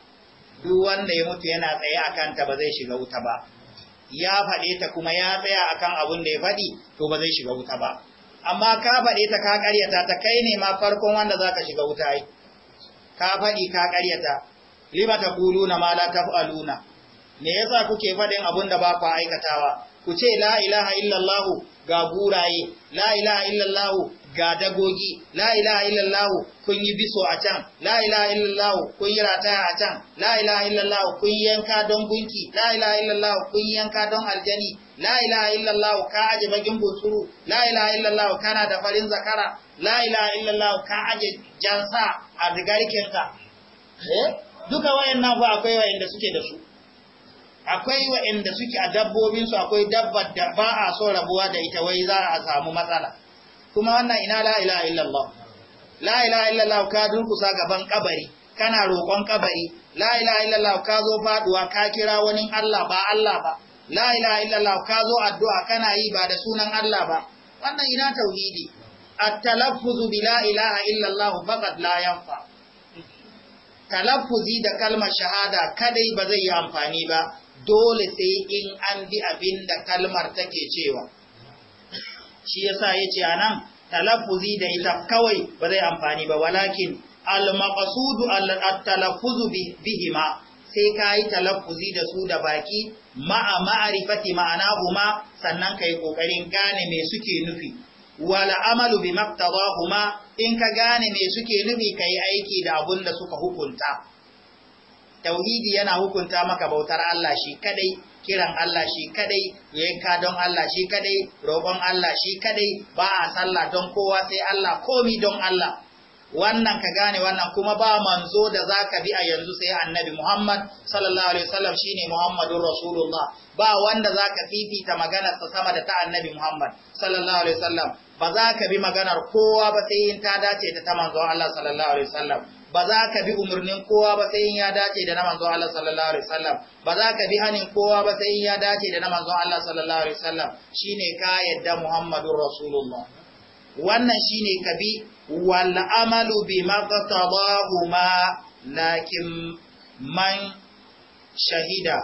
duk wanda ya mutu yana tsaye akan ta ba zai shiga wuta ba ya faɗe ta kuma ya tsaya akan abun da ya faɗi to ba zai shiga wuta ba amma ka faɗe ta ka ƙaryata ta kai ne ma farkon wanda zaka shiga wuta ai ka faɗi ka ƙaryata lima taquluna ma la taf'aluna me yasa kuke faɗin abun da ba ku aikatawa ku ce la ilaha illallah ga guraye la ilaha illallah ga dagogi la ilaha illallah kun yi biso a can la ilaha illallah kun yi rataya a can la ilaha illallah kun yi yanka don gunki la ilaha illallah kun yi yanka don aljani la ilaha illallah ka aje bagin bunsuru la ilaha illallah kana da farin zakara la ilaha illallah ka aje jansa a rigarkinka eh duka wayannan ba akwai wayanda suke da su akwai waɗanda suke a dabbobinsu akwai dabbar da ba a so rabuwa da ita wai za a samu matsala kuma wannan ina la ilaha illallah la ilaha illallah ka durkusa gaban kabari kana roƙon kabari la ilaha illallah ka zo faduwa ka kira wani Allah ba Allah ba la ilaha illallah ka zo addu'a kana yi ba da sunan Allah ba wannan ina tauhidi at-talaffuzu bi la ilaha illallah faqad la yanfa talaffuzi da kalmar shahada kadai ba zai yi amfani ba dole sai in an bi abin da kalmar take cewa shi yasa yace anan talaffuzi da ita kawai ba zai amfani ba walakin al-maqsudu al-talaffuzu bihima sai kai talaffuzi da su da baki ma'a ma'ana huma sannan kai kokarin gane me suke nufi wala amalu bi huma in ka gane me suke nufi kai aiki da abun da suka hukunta tauhidi yana hukunta maka bautar Allah shi kadai kiran Allah shi kadai yanka don Allah shi kadai roƙon Allah shi kadai ba a sallah don kowa sai Allah komi don Allah wannan ka gane wannan kuma ba manzo da zaka bi a yanzu sai annabi Muhammad sallallahu alaihi wasallam shine Muhammadur Rasulullah ba wanda zaka fifita maganar sa sama da ta annabi Muhammad sallallahu alaihi wasallam ba za ka bi maganar kowa ba sai in ta dace ta ta manzo Allah sallallahu alaihi wasallam ba za ka bi umarnin kowa ba sai in ya dace da na manzon Allah sallallahu alaihi wasallam ba za ka bi hanin kowa ba sai in ya dace da na manzon Allah sallallahu alaihi wasallam shine ka yadda Muhammadur Rasulullah wannan shine ka bi wal amalu bima qatadahu ma lakin man shahida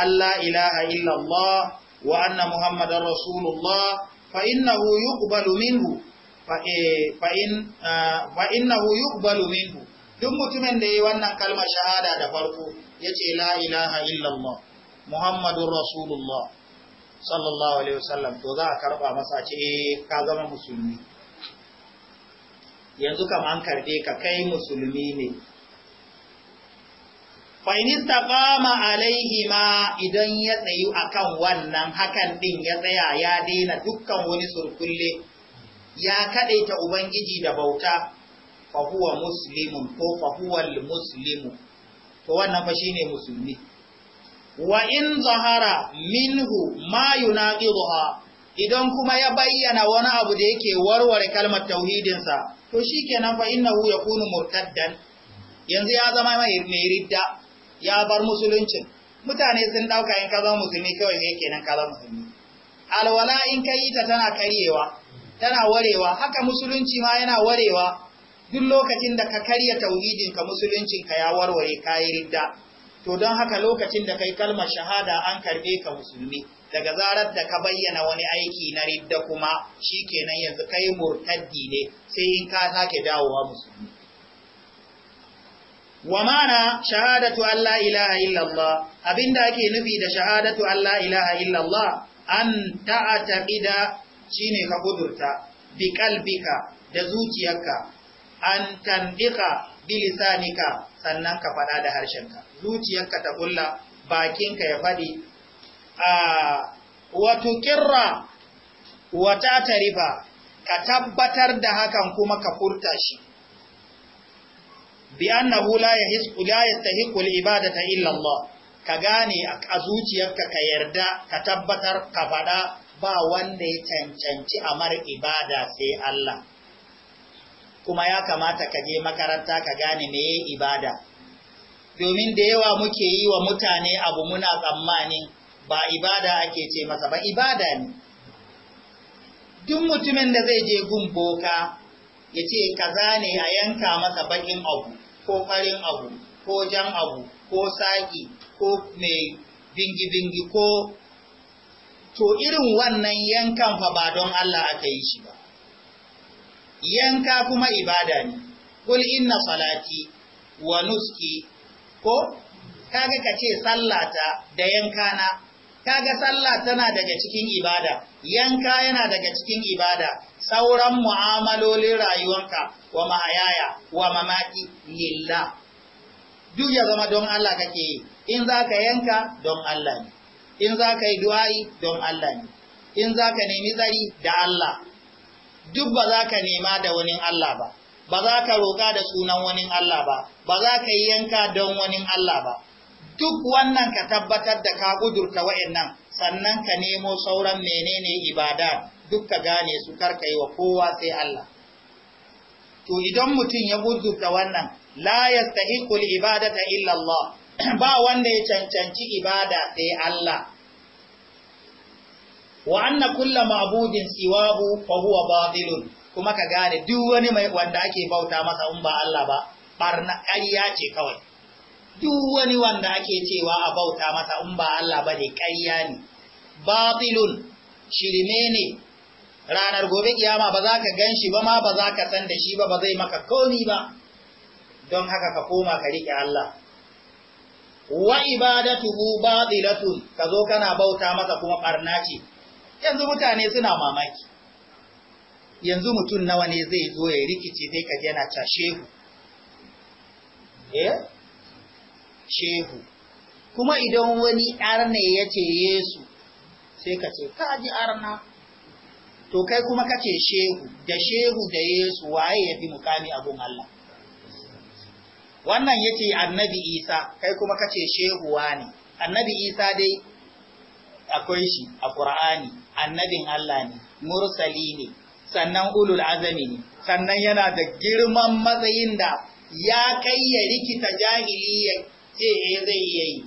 Allah ilaha illallah wa anna Muhammadar Rasulullah fa innahu yuqbalu minhu fa eh, in eh, fa innahu yuqbalu minhu duk mutumin da ya yi wannan kalmar shahada da farko ya ce la ilaha illallah muhammadun rasulullah sallallahu alaihi wasallam to za a karba masa ce eh, ka zama musulmi yanzu kam an karbe ka kai musulmi ne fainista kama alaihi ma idan ya tsayu akan wannan hakan din ya tsaya ya daina dukkan wani surkulle ya kadaita ubangiji da bauta fa huwa muslimun ko fa muslimu to wannan fa shine musulmi wa in zahara minhu ma yunaqidha idan kuma ya bayyana wani abu da yake warware kalmar tauhidinsa to shi kenan fa innahu ya kunu murtaddan yanzu ya zama mai ridda ya bar musuluncin mutane sun dauka in ka zama musulmi kawai sai kenan ka zama musulmi alwala in ka ta tana karyewa tana warewa haka musulunci ma yana warewa duk lokacin da ka karya tauhidinka musuluncinka ya warware ka yi ridda to don haka lokacin da kai kalmar shahada an karbe ka musulmi daga zarar da ka bayyana wani aiki na ridda kuma shikenan yanzu kai murtaddi ne sai in ka sake dawowa musulmi wa mana shahadatu Allah ilaha illallah abinda ake nufi da shahadatu Allah ilaha illallah an ta'ata bida shine ka kudurta bi kalbika da zuciyarka an tanbika bilisanika sannan ka faɗa da harshenka zuciyarka ta kulla bakinka ya faɗi a wato kirra wata tarifa ka tabbatar da hakan kuma ka furta shi bi annahu la yahisqu la yastahiqu al-ibadata illa Allah ka gane a zuciyarka ka yarda ka tabbatar ka faɗa ba wanda ya cancanci amar ibada sai Allah kuma ya kamata ka je makaranta ka gane me ibada domin da yawa muke yi wa mutane abu muna tsammanin ba ibada ake ce masa ba ibada ne duk mutumin da zai je gun boka ya ce ka zane a yanka masa bakin abu ko farin abu ko jan abu ko saƙi ko mai bingi-bingi ko to irin wannan yankan fa ba don Allah aka yi shi ba yanka kuma ibada ne kul inna salati wa nuski ko kaga kace sallata da yanka na kaga sallah tana daga cikin ibada yanka yana daga cikin ibada sauran mu'amalolin rayuwarka wa mahayaya wa mamaki lillah duk ya zama don Allah kake yi in zaka yanka don Allah ne in zaka yi du'a'i don Allah ne in zaka nemi tsari da Allah duk ba za ka nema da wani Allah ba ba za ka roƙa da sunan wani Allah ba ba za ka yi yanka don wani Allah ba duk wannan ka tabbatar da ka gudurta wa'annan sannan ka nemo sauran menene ibada duk ka gane su karka yi wa kowa sai Allah to idan mutum ya gudurta wannan la yastahiqul ibada ta illallah, [clears throat] ba wanda ya cancanci ibada sai Allah wa anna kulla ma'budin siwabu fa huwa batilun kuma ka gane duk wani mai wanda ake bauta masa in ba Allah ba barna ƙarya ce kawai duk wani wanda ake cewa a bauta masa in ba Allah ba ne ƙarya ne batilun shirme ne ranar gobe kiyama ba za ka gan ba ma ba za ka san da shi ba ba zai maka komi ba don haka ka koma ka riƙe Allah wa ibadatuhu batilatun ka zo kana bauta masa kuma ɓarna ce yanzu mutane suna mamaki yanzu mutum nawa ne zai zo ya rikice sai ka yana ta shehu eh shehu kuma idan wani arna ya ce yesu sai ka ce ka ji arna to kai kuma ka ce shehu da shehu da yesu waye ya fi mukami abun Allah wannan yace annabi isa kai kuma ka ce shehu ne annabi isa dai akwai shi a qur'ani annabin Allah ne mursali ne sannan ulul azami ne sannan yana da girman matsayin da ya kai ya rikita jahili ya ce eh zai iya yi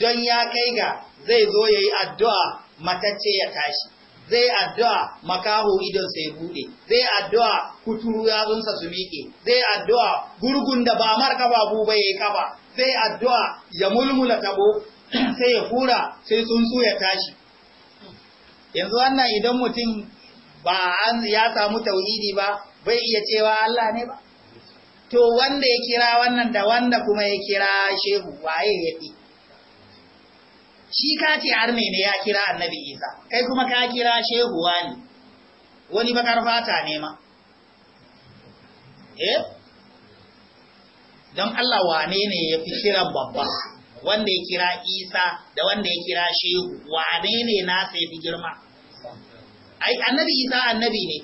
don ya kai ga zai zo ya yi addu'a matacce ya tashi zai addu'a makaho idon sai buɗe, zai addu'a kuturu yatsunsa su miƙe zai addu'a gurgun da ba mar kafafu ba yayi kafa zai addu'a ya mulmula tabo [clears throat] sai ya hura sai tsuntsu ya tashi yanzu wannan idan mutum ba an ya samu tauhidi ba bai iya cewa Allah ne ba to wanda ya kira wannan da wanda kuma ya kira shehu waye ya fi shi ka ce arne ne ya kira annabi isa kai kuma ka kira shehu wani wani bakar fata ne ma eh don Allah wane ne ya fi kiran babba wanda ya kira isa da wanda ya kira shehu wane ne nasa ya fi girma ai annabi isa annabi ne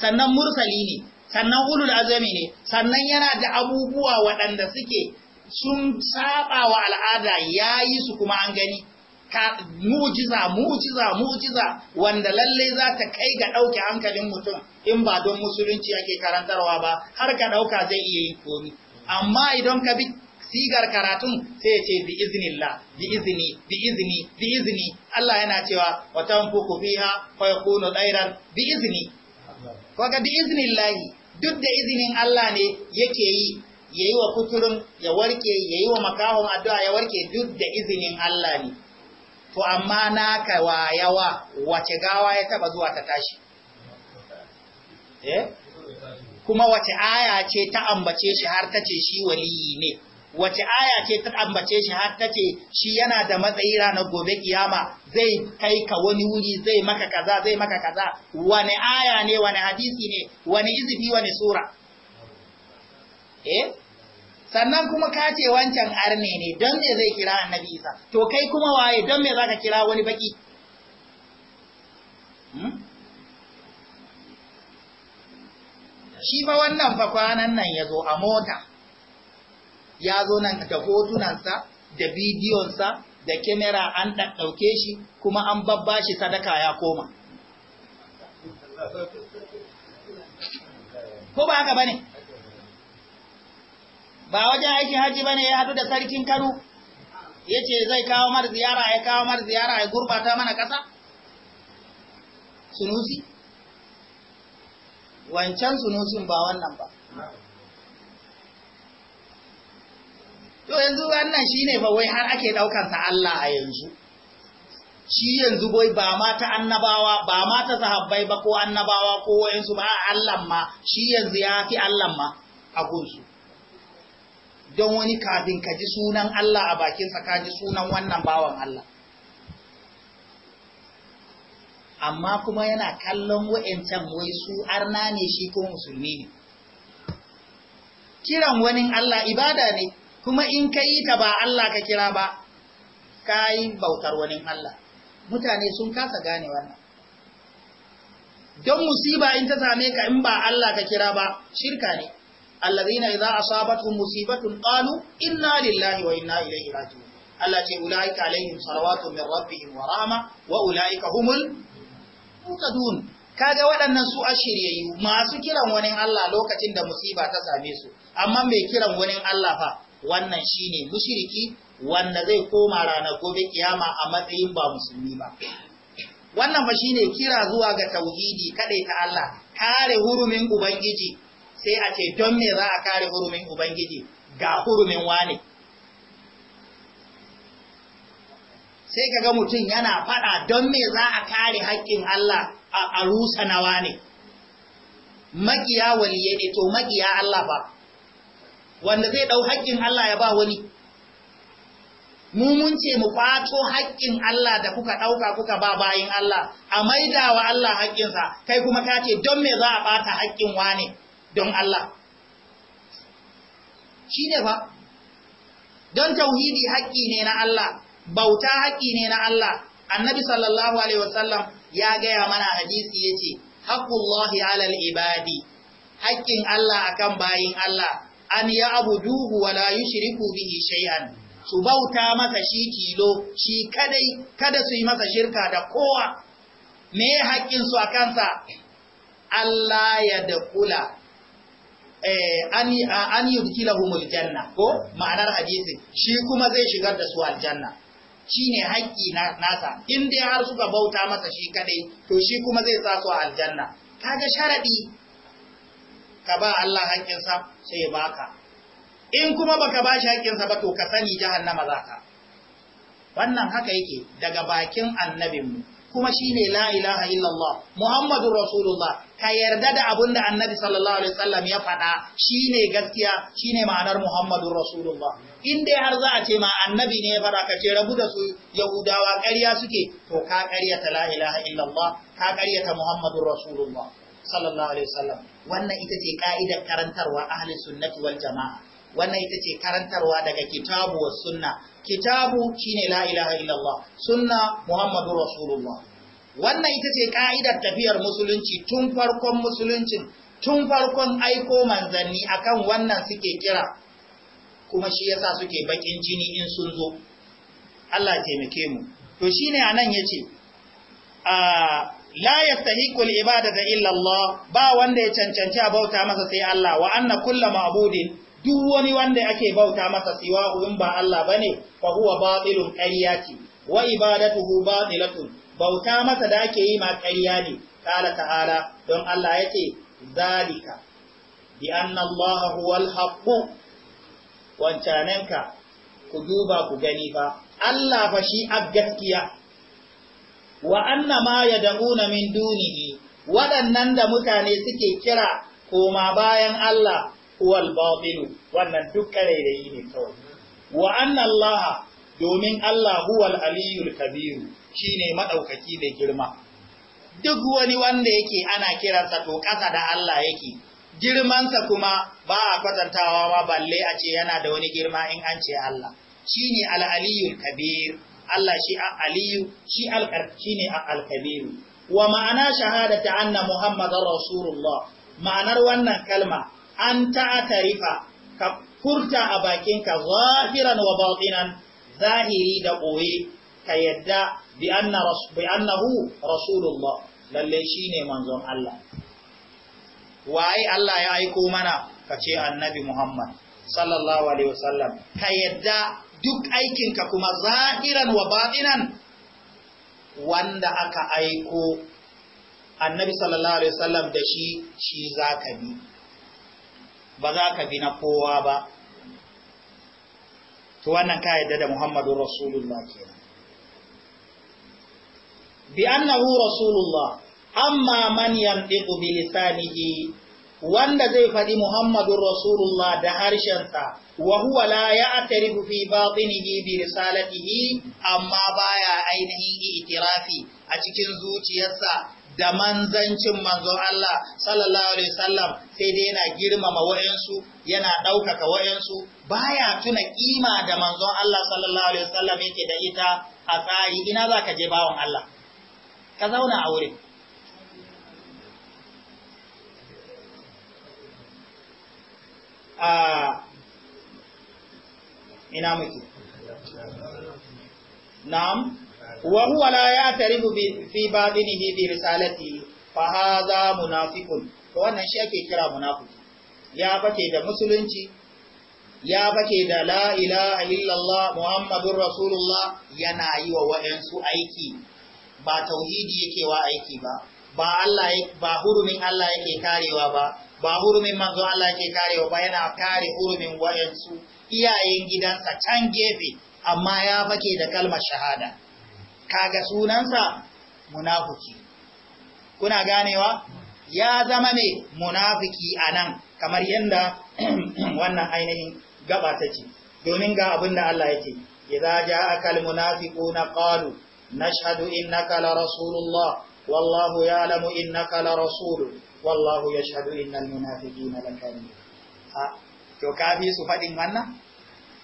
sannan mursali ne sannan ulul azami ne sannan yana da abubuwa waɗanda suke sun saba wa al'ada yayi su kuma an gani ka mu'jiza mu'jiza mu'jiza wanda lallai za ta kai ga ɗauke hankalin mutum in ba don musulunci ake karantarwa ba har ka ɗauka zai iya yin komi amma idan ka bi sigar karatun sai ya ce bi iznillah bi izni bi izni bi izni Allah yana cewa wa tanfuku fiha fa yakunu dairan bi izni kaga bi iznillah duk da izinin Allah ne yake yi yayi wa kuturun ya warke yayi wa makahon addu'a ya warke duk da izinin Allah ne to amma naka yawa wace gawa ya taba zuwa ta tashi eh kuma wace aya ce ta ambace shi har ta ce shi waliyi ne wace aya ce ta ambace shi har ta ce shi yana da matsayi ranar gobe kiyama zai kai ka wani wuri zai maka kaza zai maka kaza wani aya ne wani hadisi ne wani izifi wani sura eh sannan kuma ka ce wancan arne ne don me zai kira annabi isa to kai kuma waye don me zaka kira wani baki hmm? shi ba wannan fa kwanan nan ya zo a mota ya zo nan da hotunansa da bidiyonsa da kyamara an ɗauke shi kuma an babba shi sadaka ya koma ko ba haka ba ne ba wajen aikin haji ba ne ya haɗu da sarkin kano ya ce zai kawo mar ziyara ya kawo mar ziyara ya gurbata mana ƙasa sunusi wancan sunusin ba wannan ba to yanzu wannan shine fa wai har ake daukan Allah a yanzu shi yanzu boy ba ma ta annabawa ba ma ta sahabbai ba ko annabawa ko wayansu ba Allah ma shi yanzu ya fi Allah ma a gunsu don wani kafin ka ji sunan Allah a bakinsa ka ji sunan wannan bawan Allah amma kuma yana kallon wa'yancan wai su arna ne shi ko musulmi ne kiran wani Allah ibada ne kuma in ka yi ta ba Allah ka kira ba ka yi bautar wani Allah mutane sun kasa gane wannan don musiba in ta same ka in ba Allah ka kira ba shirka ne allazina idza asabatuhum musibatun qalu inna lillahi wa inna ilaihi raji'un Allah ce ulaika alaihim salawatu min rabbihim wa rahma wa ulaika humul muhtadun kaga waɗannan su ashiriyayyu masu kiran wani Allah lokacin da musiba ta same su amma mai kiran wani Allah fa wannan shine mushiriki, wanda zai koma rana gobe kiyama a matsayin ba musulmi ba wannan ba shine kira zuwa ga tauhidi kadai ta Allah kare hurumin ubangiji sai a ce don me za a kare hurumin ubangiji ga hurumin wane sai ga mutum yana fada don me za a kare haƙƙin Allah a rusa na wane makiya ne to makiya Allah ba wanda zai ɗau haƙƙin Allah ya ba wani mu mun ce mu kwato haƙƙin Allah da kuka ɗauka kuka ba bayin Allah a maida wa Allah haƙƙinsa kai kuma ka ce don me za a ɓata haƙƙin wane don Allah shi ne ba don tauhidi haƙƙi ne na Allah bauta haƙƙi ne na Allah annabi sallallahu alaihi wasallam ya gaya mana hadisi yace haqqullahi alal ibadi haƙƙin Allah akan bayin Allah an ya duhu wa la shiriku bihi shay'an su bauta masa shi tilo shi kadai kada su yi masa shirka da kowa me haƙƙin su a kansa Allah ya dakula eh, an yi humul janna ko ma'anar hadisi shi kuma zai shigar da su aljanna shi ne haƙƙi nasa indai dai har suka bauta masa shi kadai to shi kuma zai sa su aljanna ga sharaɗi ka ba Allah haƙƙinsa sai ya baka in kuma baka ba shi haƙƙinsa ba to ka sani jahannama za ka wannan haka yake daga bakin annabinmu kuma shine la ilaha illallah muhammadu rasulullah ka yarda da abin da annabi sallallahu alaihi sallam ya faɗa shine gaskiya shine ma'anar muhammadu rasulullah in dai har za a ce ma annabi ne ya faɗa ka ce rabu da su yahudawa ƙarya suke to ka ƙaryata la ilaha illallah ka ƙaryata muhammadu rasulullah sallallahu alaihi sallam. wannan ita ce ka'idar karantarwa ahli sunnati wal jama'a wannan ita ce karantarwa daga kitabu wa sunna kitabu shine la ilaha illallah sunna Muhammadu rasulullah wannan ita ce ka'idar tafiyar musulunci tun farkon musuluncin tun farkon aiko manzanni akan wannan suke kira kuma shi yasa suke bakin jini in sun zo Allah ya taimake mu to shine anan yace a ah, la yastahiqu al-ibadata illa Allah ba wanda ya cancanci a bauta masa sai Allah wa anna kullu ma'budin duk wani wanda ake bauta masa siwa in ba Allah bane fa huwa batilun ƙarya ce wa ibadatuhu batilatun bauta masa da ake yi ma ƙarya ne kala ta'ala don Allah yace zalika bi anna Allah huwal haqq wancanenka ku duba ku gani fa Allah fa shi a gaskiya wa anna ma yad'una min dunihi waɗannan da mutane suke kira koma bayan Allah wal batilu wannan duk karairayi ne kawai wa anna Allah domin Allah huwal aliyul kabiru shine madaukaki da girma duk wani wanda yake ana kiransa to ƙasa da Allah yake girmansa kuma ba a kwatantawa ma balle a ce yana da wani girma in an ce Allah shine al aliyul kabir Allah shi a aliyu shi ne a alkabiru wa ma'ana ta anna muhammadar rasulullah ma'anar wannan kalma an ta'atarifa ka furta a bakinka zahiran wa batinan zahiri da ɓoye ka yadda bi annahu rasulullah lalle shine manzon Allah waye Allah ya aiko mana kace annabi Muhammad sallallahu alaihi wasallam ka yadda duk aikinka kuma zahiran wa baɗinan wanda aka aiko annabi sallallahu alaihi wasallam da shi shi za ka bi ba za ka bi na kowa ba to wannan ka yadda da muhammadu rasulullah kenan bi annahu rasulullah amma man yantiqu bi lisanihi wanda zai faɗi Muhammadu rasulullah da harshensa wa huwa la ya'tarifu fi batinihi bi risalatihi amma baya ainihin itirafi a cikin zuciyarsa da manzancin manzon Allah sallallahu alaihi wasallam sai dai yana girmama wayansu yana ɗaukaka wayansu baya tuna kima da manzon Allah sallallahu alaihi wasallam yake da ita a tsari ina zaka je bawon Allah ka zauna a wurin ina muke na'am wa huwa la ya'tarifu fi batinihi bi risalati fa hadha munafiqun to wannan shi ake kira munafiki ya fake da musulunci ya bace da la ilaha illallah muhammadur rasulullah yana yi wa waɗansu aiki ba tauhidi yake wa aiki ba ba Allah ba hurumin Allah yake karewa ba ba hurumin manzo Allah yake karewa ba yana kare hurumin wayansu iyayen gidansa can gefe amma ya fake da kalmar shahada kaga sunansa munafiki kuna ganewa ya zama mai munafiki anan kamar yadda [clears throat] wannan ainihin gaba ta ce domin ga abin da Allah ya ce idza ja'aka na qalu nashhadu innaka la rasulullah wallahu ya'lamu innaka la rasul wallahu yashhadu innal munafiqina lakadibun to kafi su faɗin wannan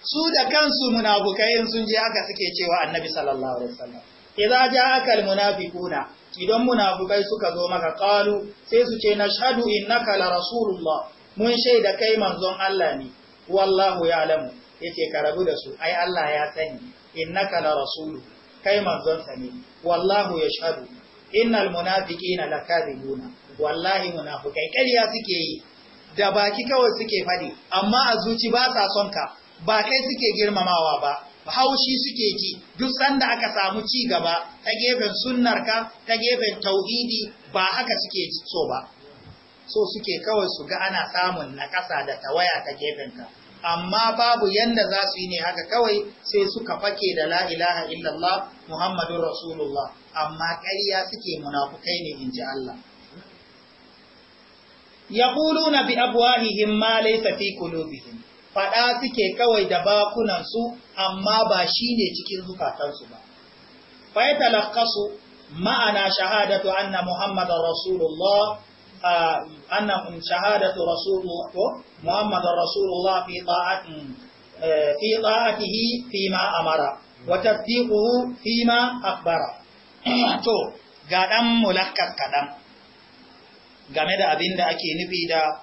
su da kansu munafukai sun je aka suke cewa annabi sallallahu alaihi wasallam idza munafiquna idan munafukai suka zo maka qalu sai su ce nashhadu innaka la rasulullah mun shaida kai manzon Allah ne wallahu ya'lamu yace ka rabu da su ai Allah ya sani innaka la rasulu kai manzon sa ne wallahu yashhadu innal munafiqina lakadibuna wallahi munafukai karya suke yi da baki kawai suke faɗi amma a zuci ba sa son ka ba kai suke girmamawa ba haushi suke ji duk sanda aka samu ci gaba ta gefen sunnar ka ta gefen tauhidi ba haka suke so ba so suke kawai su ga ana samun nakasa da tawaya ta gefen ka, amma babu yanda za su yi ne haka kawai sai suka fake da la ilaha illallah muhammadun rasulullah amma ƙarya suke munafukai ne in ji Allah yaquluna bi afwahihim ma laysa fi qulubihim faɗa suke kawai da bakunan su amma ba shi ne cikin zukatansu ba fa yatalaqasu ma'ana shahadatu anna muhammadar rasulullah anna shahadatu rasulullah muhammadar rasulullah fi ta'ati e, fi ta'atihi fi ma amara wa tasdiquhu fi ma akhbara [clears throat] to ga dan mulakkas kaɗan. game da abin da ake nufi da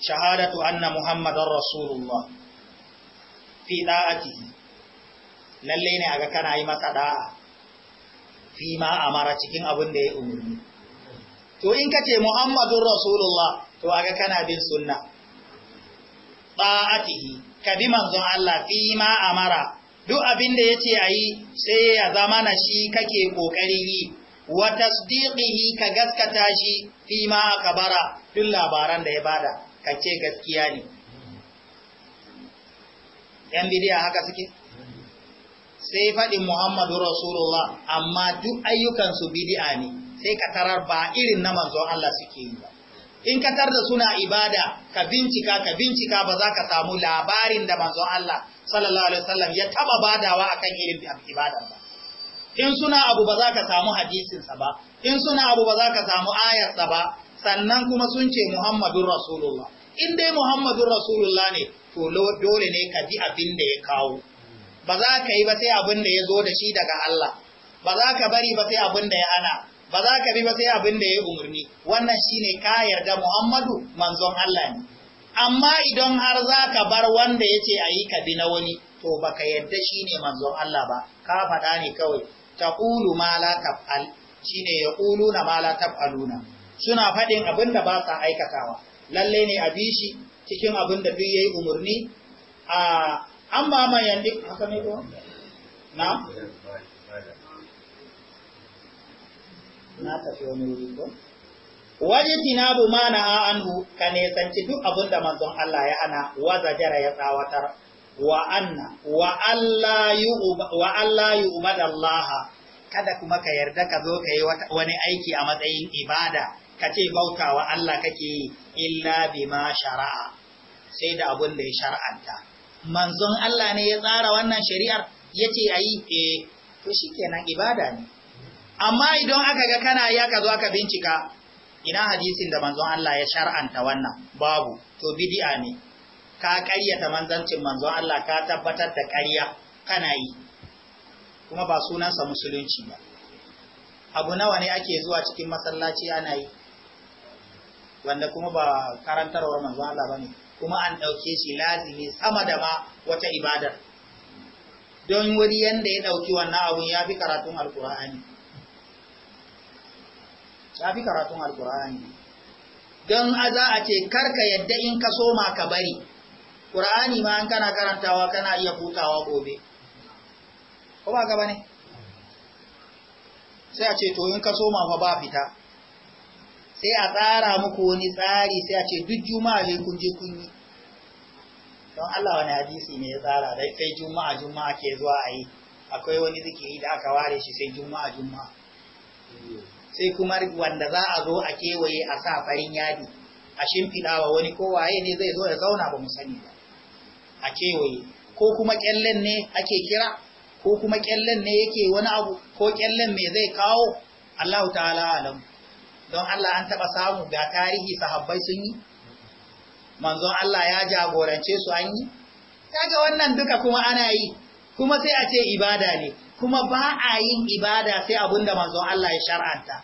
shahadatu anna muhammadar rasulullah fi da'ati lalle ne aga kana yi masa da'a fi ma amara cikin abin da ya umarni to in kace muhammadur rasulullah to aga kana bin sunna da'atihi ka bi manzon Allah fi ma amara duk abin da yace ayi sai ya zama na shi kake ƙoƙari yi wa tasdiqihi ka gaskata shi fi ma kabara duk labaran da ya bada ka ce gaskiya ne yan bidiya haka suke sai faɗin Muhammadu Rasulullah amma duk ayyukansu bidi'a ne sai ka tarar ba irin na manzon Allah suke yi ba in ka da suna ibada ka bincika ka bincika ba za ka samu labarin da manzon Allah sallallahu alaihi wasallam ya taba badawa akan irin ibadar ba in suna abu ba za ka samu hadisinsa ba in suna abu ba za ka samu ayarsa ba sannan kuma sun ce muhammadun rasulullah in dai muhammadun rasulullah ne to dole ne ka ji abin da ya kawo ba za ka yi ba sai abin da ya zo da shi daga Allah ba za ka bari ba sai abin da ya ana? ba za ka bi ba sai abin da ya umarni wannan shine ka yarda muhammadu manzon Allah ne amma idan har za ka bar wanda ya ce a yi ka bi na wani to baka yarda shine manzon Allah ba ka faɗa ne kawai taqulu ma la taf'al shine yaquluna ma la taf'aluna suna fadin abin da ba sa aikatawa lalle ne a bishi cikin abin da duk yayi umurni a an ba ma yandi haka ne ko na na tafi wani wuri ko waje tinabu ma na anhu kane sanci duk abinda manzon Allah ya ana wa zajara ya tsawatar wa anna wa Allah Allah kada kuma ka yarda ka zo ka yi wani aiki a matsayin ibada ka ce bautawa Allah kake yi illa bima shara'a sai da abun da ya shar'anta manzon Allah ne ya tsara wannan shari'ar yace ayi eh to shikenan ibada ne amma idan aka ga kana ya ka zo aka bincika ina hadisin da manzon Allah ya shar'anta wannan babu to bid'a ne ka ƙaryata manzancin manzon Allah ka tabbatar da ƙarya kana yi kuma ba sunansa musulunci ba abu nawa ne ake zuwa cikin masallaci ana yi wanda kuma ba karantarwar manzon Allah ba ne kuma an ɗauke shi lazimi sama da ma wata ibadar don wuri yanda ya ɗauki wannan abun ya fi karatun alkur'ani ya fi karatun alkur'ani don a za a ce karka yadda in ka soma ka bari Qur'ani ma an kana karantawa kana iya hutawa gobe ko ba gaba ne sai a ce to in ka soma fa ba fita sai a tsara muku wani tsari sai a ce duk juma'a ne kun je kun yi don Allah wani hadisi ne ya tsara dai sai juma'a juma'a ke zuwa a yi akwai wani zikiri da aka ware shi sai juma'a juma'a sai kuma wanda za a zo a kewaye a sa farin yadi a shimfiɗawa wa wani kowaye ne zai zo ya zauna ba mu sani ba a kewaye ko kuma kyallen ne ake kira ko kuma kyallen ne yake wani abu ko kyallen me zai kawo Allahu ta'ala alam don Allah an taba samu ga tarihi sahabbai sun yi manzon Allah ya jagorance su an yi kaga wannan duka kuma ana yi kuma sai a ce ibada ne kuma ba a yin ibada sai abinda manzon Allah ya shar'anta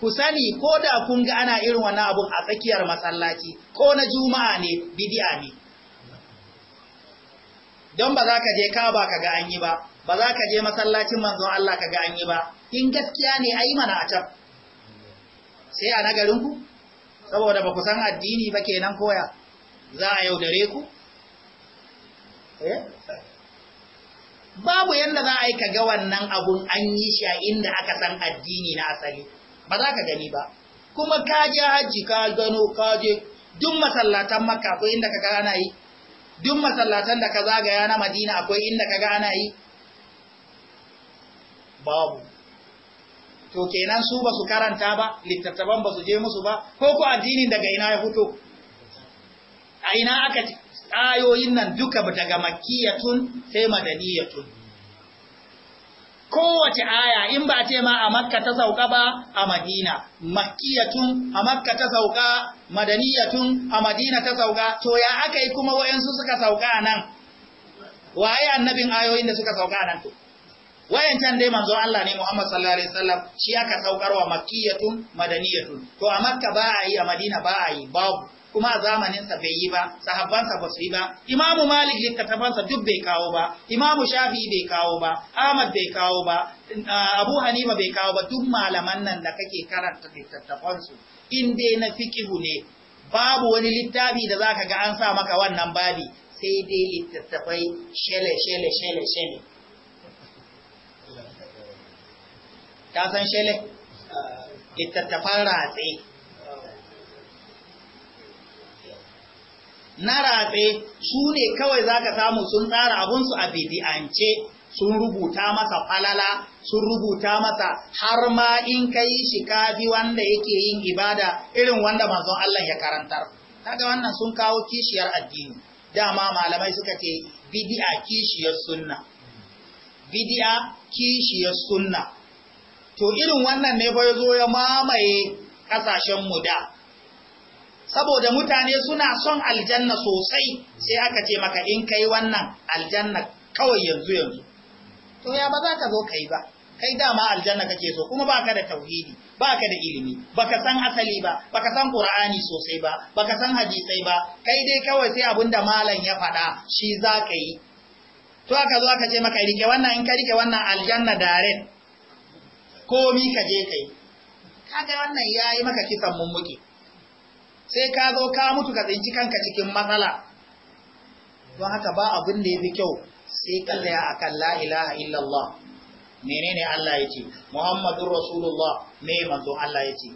ku sani ko da kun ga ana irin wani abun a tsakiyar masallaci ko na juma'a ne bid'a ne don ba za ka je kaba ka ga an yi ba ba za ka je masallacin manzon Allah ka ga an yi ba in gaskiya ne ayi mana a can sai a nagarin ku saboda ba ku san addini ba kenan koya za a yaudare ku eh? babu yadda za a yi ka ga wannan abun an yi shi a inda aka san addini na asali ba za ka gani ba kuma ka je hajji ka gano ka je duk masallatan makka ko inda ka ga ana yi duk masallatan da ka zagaya na madina akwai inda ka ga ana yi babu to kenan su ba su karanta ba littattafan ba su je musu ba ko ku addinin daga ina ya fito a ina aka ayoyin nan duka daga makiyatun sai madaniyatun kowace aya in ba ce ma a makka ta sauka ba a madina makkiyatun a makka ta sauka madaniyatun a madina ta sauka to ya aka yi kuma wayansu suka sauka nan waye annabin ayoyin da suka sauka nan to wayancan dai manzo Allah ne Muhammad sallallahu alaihi wasallam shi aka saukar saukarwa makkiyatun madaniyatun to a makka ba a yi a madina ba a yi babu kuma a zamaninsa bai yi ba sahabbansa ba su yi ba imamu malik littattafansa duk bai kawo ba imamu shafi bai kawo ba ahmad bai kawo ba abu hanifa bai kawo ba duk malaman nan da kake karanta littattafansu in dai na fikihu ne babu wani littafi da zaka ga an sa maka wannan babi sai dai littattafai shele shele shele shele ka san shele littattafan ratse na ratse su ne kawai za ka samu sun tsara su a bidiyance sun rubuta masa falala sun rubuta masa har ma in ka yi shi kafi wanda yake yin ibada irin wanda manzon Allah ya karantar kaga wannan sun kawo kishiyar addini dama malamai suka ce bidi'a kishiyar sunna Bidi'a kishiyar sunna to irin wannan ne fa zo ya mamaye kasashen mu da saboda mutane suna son aljanna sosai sai aka ce maka in kai wannan aljanna kawai yanzu yanzu to ya ba za ka zo kai ba kai dama aljanna kake so kuma baka da tauhidi baka da ilimi baka san asali ba baka san qur'ani sosai ba baka san hadisai ba kai dai kawai sai abinda malam ya faɗa shi za ka yi to aka zo aka ce maka rike wannan in ka rike wannan aljanna direct komi ka je kai kaga wannan yayi maka kisan mummuke sai ka zo ka mutu ka tsinci kanka cikin matsala don haka ba abin da ya fi kyau sai kallaya a kan la'ilaha illallah menene Allah ya ce muhammadun rasulullah mai manzo Allah ya ce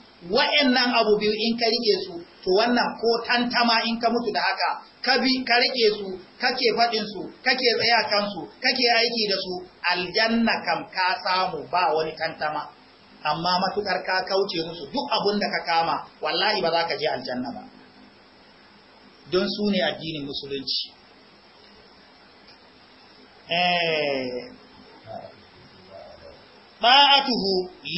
nan abu biyu in ka rike su to wannan ko tantama in ka mutu da haka ka bi ka rike su kake faɗin su kake tsaya kansu kake aiki da su aljanna kam ka samu ba wani tantama amma matukar ka kauce musu duk abun da ka kama wallahi ba za ka je aljanna ba don su ne addinin musulunci eh, ɗa'atuhu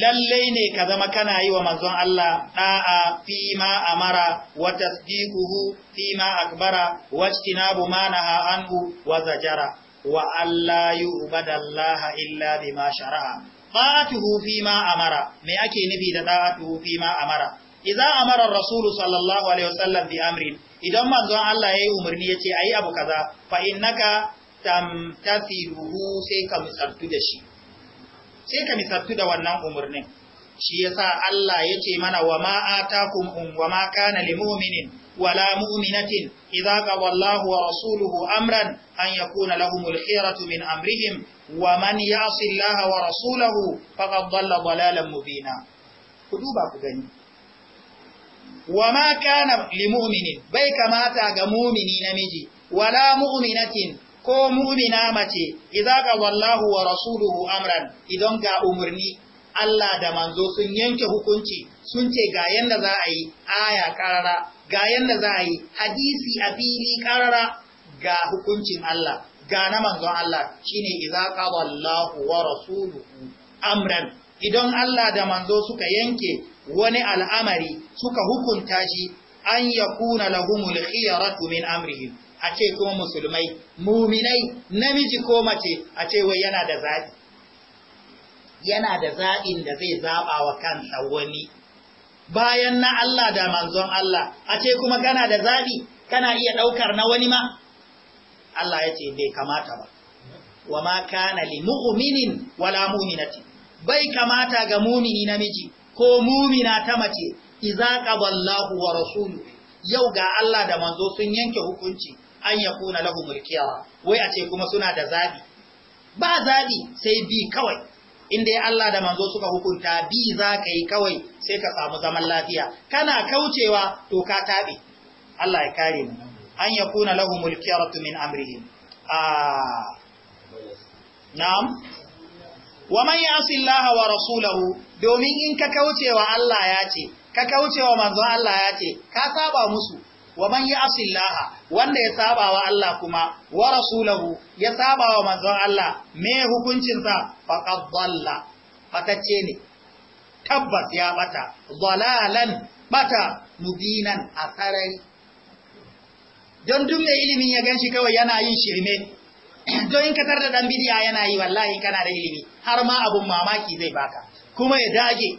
lallai ne ka zama kana yi wa manzon Allah ɗa'a fi ma amara wa tasdiquhu fi ma akbara wa ijtinabu ma naha anhu wa zajara wa alla yu'badallaha illa bima shara'a ta'atuhu fi ma amara me ake nufi da ta'atuhu fi ma amara idan amara rasulu sallallahu alaihi wasallam bi amri idan manzon Allah yayi umarni yace ayi abu kaza fa innaka tamtathiluhu sai ka misaltu da shi sai ka misaltu da wannan umarnin shi yasa Allah ce mana wa ma atakum um, wa ma kana lil mu'minin wala mu'minatin idza qawallahu wa rasuluhu amran an yakuna lahumul khiyaratu min amrihim wa man ya'si Allah wa rasulahu faqad dhalla dhalalan mubina ku duba ku gani wa ma kana lil mu'minin bai kamata ga mu'mini namiji wala mu'minatin ko mu'mina mace idza qawallahu wa rasuluhu amran idan ga umurni Allah da manzo sun yanke hukunci sun ce ga yanda za a yi aya karara ga yanda za a yi hadisi a fili karara ga hukuncin Allah ga na manzon Allah shine idza qadallahu wa rasuluhu amran idan Allah da manzo suka yanke wani al'amari suka hukunta shi an yakuna lahumul khiyaratu min amrihim a ce kuma musulmai muminai namiji ko mace a ce wai yana da zaɓi yana da za'in da zai zaɓa wa kansa wani bayan na Allah da manzon Allah a ce kuma kana da zaɓi kana iya ɗaukar na wani ma Allah ya ce bai kamata ba wa ma kana li mu'minin wala mu'minati bai kamata ga mumini namiji ko mumina ta mace idza qaballahu wa rasulu. yau ga Allah da manzo sun yanke hukunci an ya kuna lahu mulkiyawa wai a ce kuma suna da zabi ba zabi sai bi kawai inda ya Allah da manzo suka hukunta bi za ka yi kawai sai ka samu zaman lafiya kana kaucewa to ka taɓe Allah ya kare mu an kuna lahu mulkiyaratu min amrihim ah. na'am wa man yasi Allah wa rasulahu domin in ka kaucewa Allah ya ce ka kaucewa manzo Allah ya ce ka saba musu wa man ya'si wanda ya saba wa Allah kuma wa rasulahu ya saba wa manzon Allah me hukuncin sa faqad dalla fatacce ne tabbas ya bata dalalan bata mubinan asarari don duk mai ilimin ya ganshi kawai yana yin shirme [clears throat] don in katar da dan bidiya yana yi wallahi kana da ilimi har ma abun mamaki zai baka kuma ya dage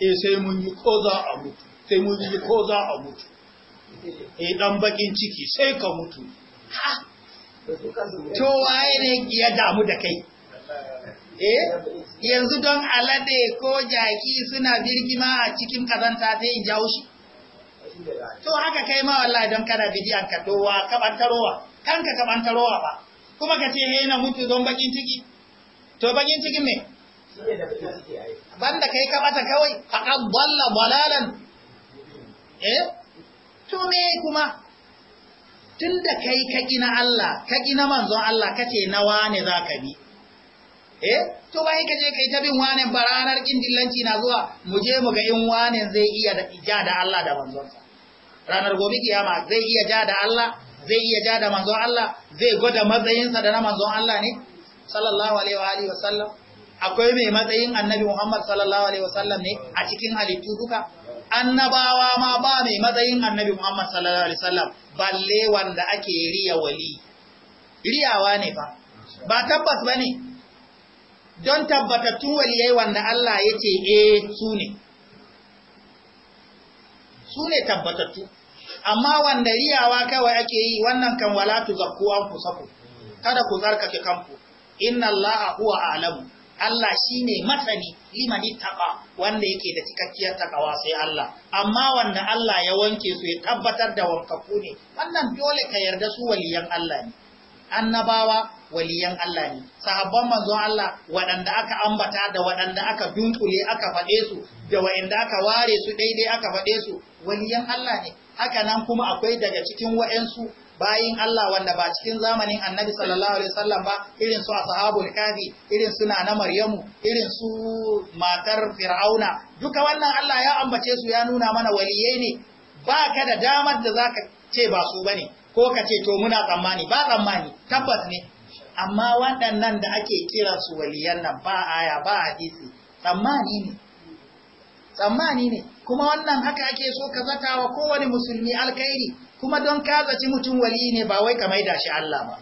eh sai mun yi ko za a mutu sai mun yi a mutu eh dan bakin ciki sai ka mutu ha to waye ne ya damu da kai eh yanzu don alade ko jaki suna birgima a cikin kazanta ta yi jawo shi to haka kai ma wallahi don kana bidiyan ka dowa kabantarowa kanka kabantarowa ba kuma ka ce yana mutu don bakin ciki to bakin cikin me banda kai ka bata kawai faqad dalla dalalan eh to me kuma tun da kai ka na Allah ka na manzon Allah kace na wane za ka bi eh to bai ka je kai ta bin wane ba ranar kindillanci na zuwa mu je mu ga in wane zai iya ja da Allah da sa. ranar gobe kiyama zai iya ja da Allah zai iya ja da manzon Allah zai gwada matsayinsa da na manzon Allah ne sallallahu alaihi wa alihi wasallam akwai mai matsayin annabi Muhammad sallallahu alaihi wasallam ne a cikin halittu duka annabawa ma ba mai matsayin annabi Muhammad sallallahu alaihi wasallam balle wanda ake riya wali riyawa ne fa ba tabbas bane don tabbatattun waliyai wanda Allah ya ce eh su ne su ne tabbatattu amma wanda riyawa kawai ake yi wannan kan wala tuzakku an kusaku kada ku zarkake kanku inna Allaha huwa a'lamu Allah shi ne matsani limani taqa wanda yake da cikakkiyar takawa sai Allah amma wanda Allah ya wanke su ya tabbatar da wankaku ne wannan dole ka yarda su waliyan Allah ne annabawa waliyan Allah ne sahabban manzon Allah waɗanda aka ambata da waɗanda aka dunkule aka faɗe su da waɗanda aka ware su daidai aka faɗe su waliyan Allah ne haka nan kuma akwai daga cikin waɗansu bayin Allah wanda ba cikin zamanin annabi sallallahu alaihi wasallam ba irin su ashabul kafi irin suna na maryamu irin su matar fir'auna duka wannan Allah ya ambace su ya nuna mana waliyai ne baka da damar da zaka ce ba su bane ko ka ce to muna tsammani ba tsammani tabbas ne amma waɗannan da ake kiran su waliyan nan ba aya ba hadisi tsammani ne tsammani ne kuma wannan haka ake so ka zata wa kowane musulmi alkhairi kuma don ka zaci mutum wali ne ba wai ka maida shi Allah ba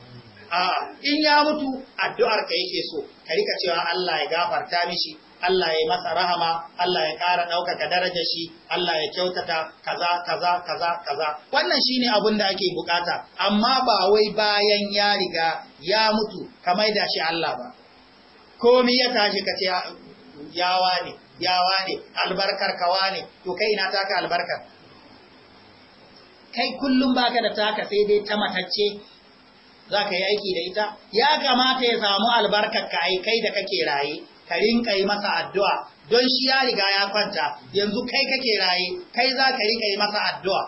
A'a in ya mutu addu'ar ka yake so ka rika cewa Allah ya gafarta mishi Allah ya masa rahama Allah ya ƙara ɗaukaka darajar shi Allah ya kyautata kaza kaza kaza kaza wannan shine abun da ake bukata amma ba wai bayan ya riga ya mutu ka maida shi Allah ba komai ya tashi ka ce yawa ne Ya wane albarkar kawa ne to kai ina taka albarkar kai kullum baka da taka sai dai ta matacce za ka yi aiki da ita ya kamata ya samu albarkar ka ai kai da kake raye ka rinka yi masa addu'a don shi ya riga ya kwanta yanzu kai kake raye kai za ka rinka yi masa addu'a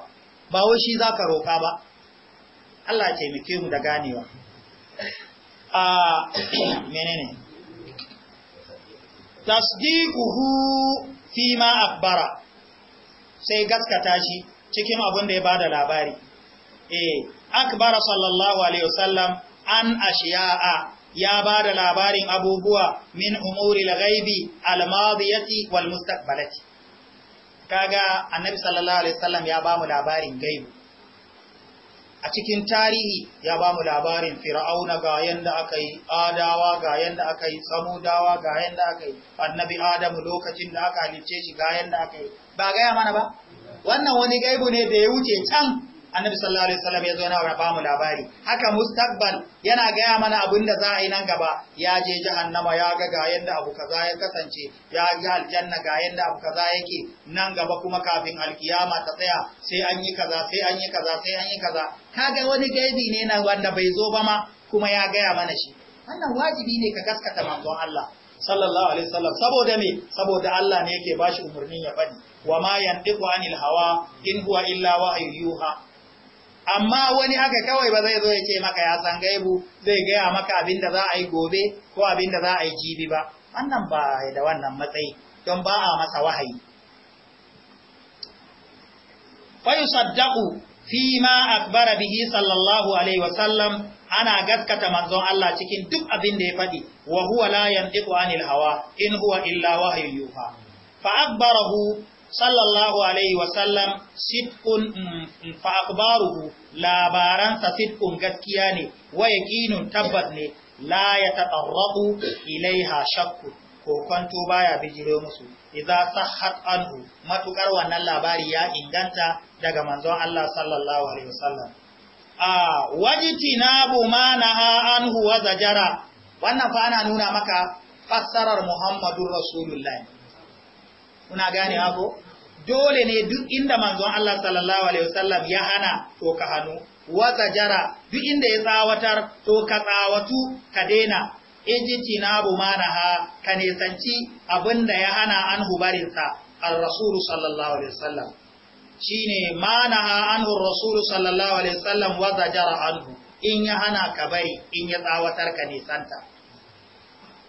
ba wai shi za ka roƙa ba Allah ya taimake mu da ganewa a ah, [coughs] menene tasdiquhu fi ma akbara sai gaskata shi cikin abin da ya bada labari eh akbara sallallahu alaihi wasallam an ashiya'a ya bada labarin abubuwa min umuri al-ghaibi al-madiyati wal mustaqbalati kaga annabi sallallahu alaihi wasallam ya bamu labarin gaibi a cikin tarihi ya ba mu labarin fir'auna ga yanda aka yi adawa ga yanda aka yi samudawa ga yanda aka yi annabi adamu lokacin da aka halicce shi ga yanda aka yi ba gaya mana ba wannan wani gaibu ne da ya wuce can annabi sallallahu alaihi wasallam ya zo yana ba mu labari haka mustaqbal yana gaya mana abin da za a yi nan gaba ya je jahannama ya ga ga yanda abu kaza ya kasance ya ga aljanna ga yanda abu kaza yake nan gaba kuma kafin alkiyama ta tsaya sai an yi kaza sai an yi kaza sai an yi kaza kaga wani gaibi ne nan wanda bai zo ba ma kuma ya gaya mana shi wannan wajibi ne ka gaskata manzon Allah sallallahu alaihi wasallam saboda me saboda Allah ne yake bashi umarnin ya faɗi wa ma yantiqu anil hawa in huwa illa wahyu yuha amma wani haka kawai ba zai zo ya ce maka ya san gaibu zai gaya maka abin da za a yi gobe ko abin da za a yi jibi ba wannan ba da wannan matsayi don ba a masa wahayi fa yusaddaqu fi ma akbara bihi sallallahu alaihi wa sallam ana gaskata manzon Allah cikin duk abin da ya faɗi wa huwa la yantiqu anil hawa in huwa illa wahyu yuha fa akbarahu sallallahu alaihi wasallam sidqun mm, fa labaransa sidqun gaskiya ne wa yaqinun tabbas ne la yatatarrabu ilaiha shakku ko kwanto baya bijiro musu idza sahhat anhu matukar wannan labari ya inganta daga manzon Allah sallallahu alaihi wasallam a wajitinabu ma anhu wa zajara wannan fa ana nuna maka fassarar Muhammadun rasulullahi kuna gane ko dole ne duk inda manzon Allah sallallahu alaihi wasallam ya hana to ka hanu wata jara duk inda ya tsawatar to ka tsawatu ka daina ejiti na bu manaha ka sanci abinda ya hana an hubarinsa al-rasulu sallallahu alaihi wasallam shine manaha an rasul sallallahu alaihi wasallam wata jara anhu in ya hana ka bari in ya tsawatar ka nisanta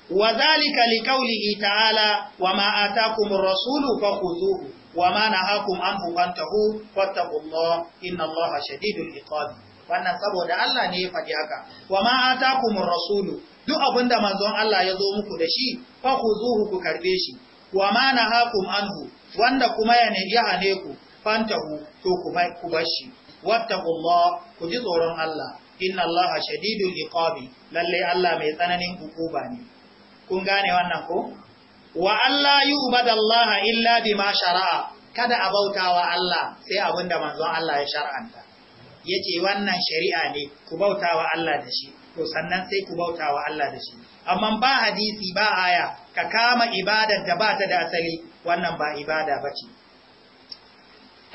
wa zalika liqaulihi ta'ala wa ma atakumur rasulu fakhuzuhu wa ma nahakum anhu fantahu wattaqullaha innallaha shadidul iqab wannan saboda Allah ne ya faɗi haka wa ma atakumur rasulu duk abinda manzon Allah ya zo muku da shi fakhuzuhu ku karbe shi wa ma nahakum anhu wanda kuma ya hane ku fantahu to kuma ku bashi. shi wattaqullah ku ji tsoron Allah inna Allah shadidul iqabi lalle Allah mai tsananin hukuma ne kun gane wannan ko wa Allah Allaha illa bima shara'a kada a bautawa Allah sai abinda manzon Allah ya shar'anta yace wannan shari'a ne ku bautawa Allah da shi to sannan sai ku bautawa Allah da shi amma ba hadisi ba aya ka kama ibadar da ba ta da asali wannan ba ibada bace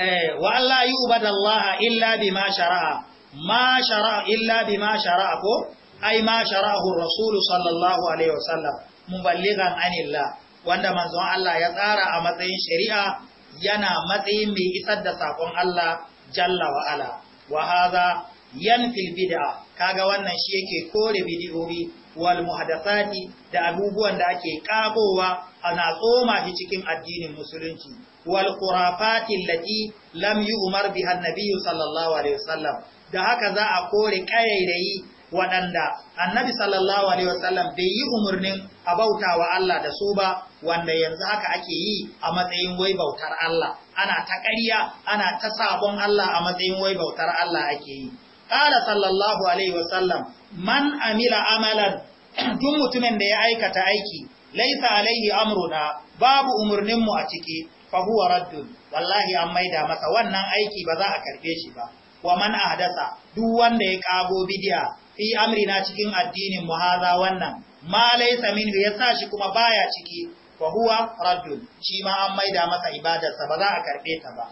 eh wa Allah Allaha illa bima shara'a ma shara'a illa bima shara'a ko ai ma shara'ahu rasul sallallahu alaihi wasallam muballighan anillah wanda manzon Allah ya tsara a matsayin shari'a yana matsayin mai isar da sakon Allah jalla wa ala wa hadha yanfil bid'a kaga wannan shi yake kore bid'o'i wal muhadathati da abubuwan da ake kabowa ana tsoma shi cikin addinin musulunci wal khurafati allati lam yu'mar biha an-nabiy sallallahu alaihi wasallam da haka za a kore kayayayi waɗanda annabi sallallahu alaihi wasallam bai yi umarnin a bauta wa Allah da su ba wanda yanzu haka ake yi a matsayin wai bautar Allah ana ta ƙarya ana ta sabon Allah a matsayin wai bautar Allah ake yi qala sallallahu alaihi wasallam man amila amalan [clears throat] duk mutumin da ya aikata aiki laisa alaihi amruna babu umarnin mu a ciki fa huwa raddun wallahi an maida masa wannan aiki ba za a karbe shi ba wa man ahdasa duk wanda ya kago bidiya fi amrina cikin addinin mu haza wannan ma laysa min ya sa shi kuma baya ciki fa huwa raddun shi ma an maida masa ibadarsa ba za a karbe ta ba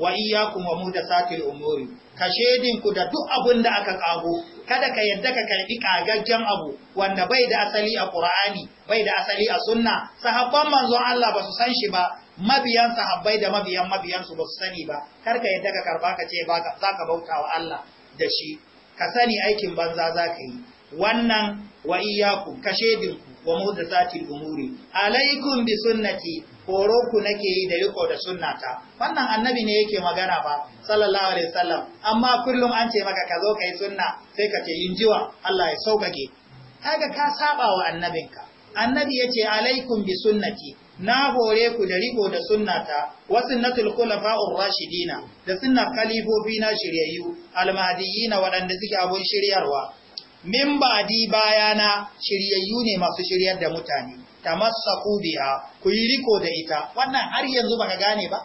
wa iyyakum wa mudasatil umuri kashedin ku da duk abun da aka kago kada ka yadda ka karbi kagaggen abu wanda bai da asali a Qur'ani bai da asali a sunna sahabban manzon Allah ba su san shi ba mabiyan sahabbai da mabiyan mabiyan su ba su sani ba kar ka yadda ka karba ka ce ba baka zaka bauta wa Allah da shi ka sani aikin banza za ka yi wannan wa iyyakum kashedinku wa muhdathatil umuri alaikum bi sunnati horo ku nake yi da riko da sunnata wannan annabi ne yake magana ba sallallahu alaihi wasallam amma kullum an ce maka ka zo ka yi sunna sai ka ce injiwa Allah ya sauƙaƙe kaga ka saba wa annabinka annabi yace alaikum bi sunnati na hore ku da riko da sunnata wa sunnatul khulafa'ur rashidina da sunnar khalifofi na shiryayyu almahdiyina waɗanda suke abun shiryarwa min ba'di bayana shiryayyu ne masu shiryar da mutane tamassaku biha ku yi riko da ita wannan har yanzu baka gane ba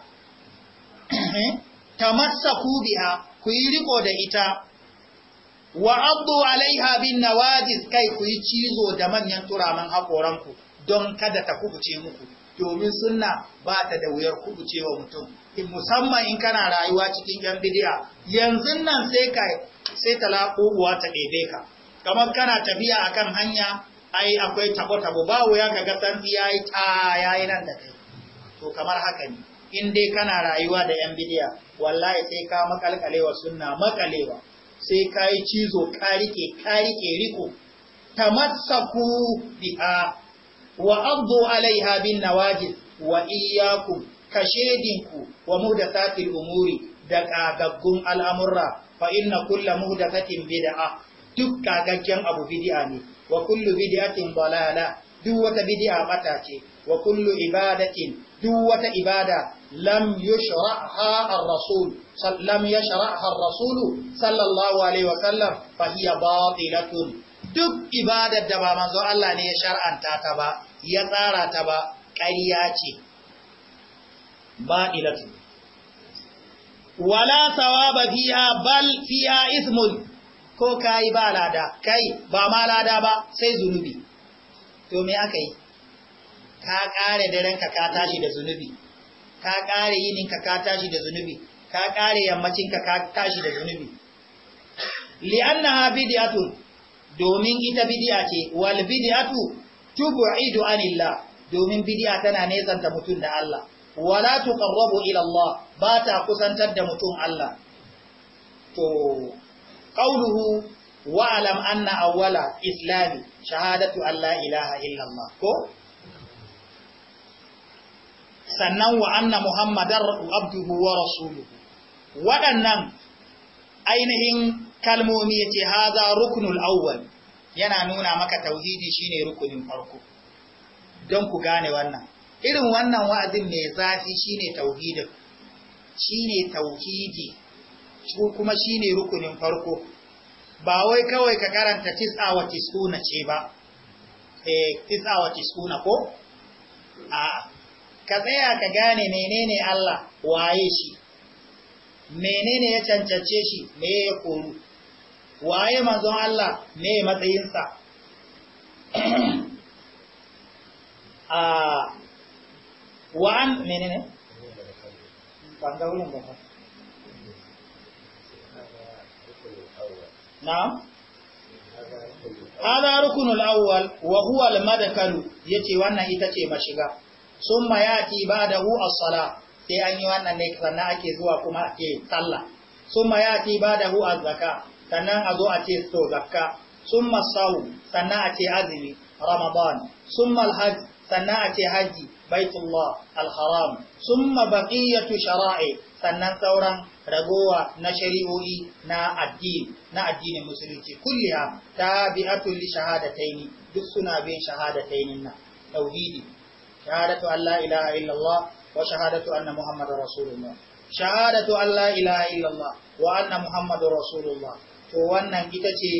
[clears throat] eh? tamassaku biha ku yi riko da ita wa addu alaiha bin nawajis kai ku yi cizo da manyan turaman hakoranku don kada ta kubuce muku domin sunna ba ta da wuyar kubucewa mutum in musamman in kana rayuwa cikin yan bidiya yanzu nan sai ka sai ta laƙuwa ta ɗebe ka kamar kana tafiya akan hanya ai akwai tabo tabo ba wuya ka ga ya yayi ta yayi nan da kai to kamar haka ne in dai kana rayuwa da yan bidiya wallahi sai ka makalkalewa sunna makalewa sai ka yi cizo ka rike ka riko tamassaku biha wa abdu alaiha bin nawajid wa iyyakum kashedinku wa muhdathatil umuri da kagaggun al'amurra fa inna kulla muhdathatin bid'a duk kagaggen abu bid'a ne wa kullu bid'atin balala duk wata bid'a matace ce wa kullu ibadatin duk wata ibada lam yashra'ha ar-rasul lam yashra'ha ar-rasul sallallahu alaihi wa sallam fa hiya batilatun duk ibadar da ba manzo Allah ne ya shar'anta ta ba ya tsara ta ba ƙarya ce ilatu wala thawaba fiha bal fiha ismun ko kai ba lada kai ba ma lada ba sai zunubi to me aka yi ka kare darenka ka tashi da zunubi ka kare yininka ka tashi da zunubi ka kare yammacinka ka tashi da zunubi li'annaha bid'atun domin ita bid'a ce wal bid'atu tub'idu anillah domin bid'a tana nesanta mutum da Allah wala tuqarrabu ila Allah ba ta kusantar da mutum Allah to qauluhu wa alam anna awwala islami shahadatu alla ilaha illa Allah ko sannan wa anna muhammadar abduhu wa rasuluhu waɗannan ainihin kalmomi yace haza ruknul awwal yana nuna maka tauhidi shine rukunin farko don ku gane wannan irin wannan wa'azin mai zafi shine tauhidin shine tauhidi kuma shine rukunin farko ba wai kawai ka karanta tis'a wa tis'una ce ba eh tis'a wa tis'una ko a ka tsaya ka gane menene Allah waye shi menene ya cancance shi me ya koru waye manzon Allah ne matsayinsa [clears throat] a wa'an mene ne? wurin ba na'am hada rukunul awwal wa huwa al-madkalu yace wannan ita ce mashiga summa yati ba'dahu as-sala sai an yi wannan ne sannan ake zuwa kuma ake sallah summa yati ba'dahu az-zaka sannan a zo a ce so zakka sun masawu sannan a ce azumi ramadan sun malhaj sannan a ce haji baitullah alharam sun mabaqiyatu shara'i sannan sauran ragowa na shari'o'i na addini na addinin musulunci kulliya bi li shahadataini duk suna bin shahadatainin na. tauhidi shahadatu Allah ilaha illallah wa shahadatu anna muhammadar rasulullah shahadatu Allah ilaha illallah wa anna muhammadar rasulullah to wannan ita ce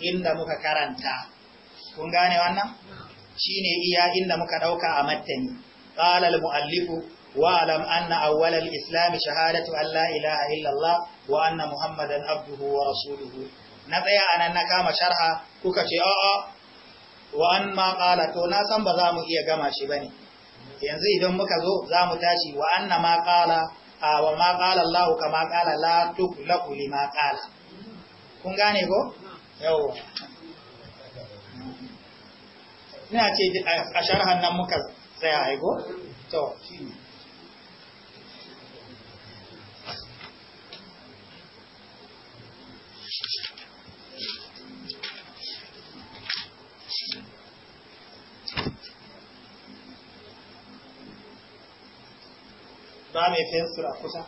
inda muka karanta kun gane wannan shine iya inda muka dauka a mattani qala al muallifu wa alam anna awwal al shahadatu an la ilaha illa allah wa anna muhammadan abduhu wa rasuluhu na tsaya anan na kama sharha kuka ce a'a wa an ma qala to na san ba za mu iya gama shi bane yanzu idan muka zo za mu tashi wa anna ma qala wa ma qala allah kama qala la tuqlaqu lima qala kun gane ko yawo ina ce a sharhan nan muka tsaya aiko to Ba mai fensura kusa.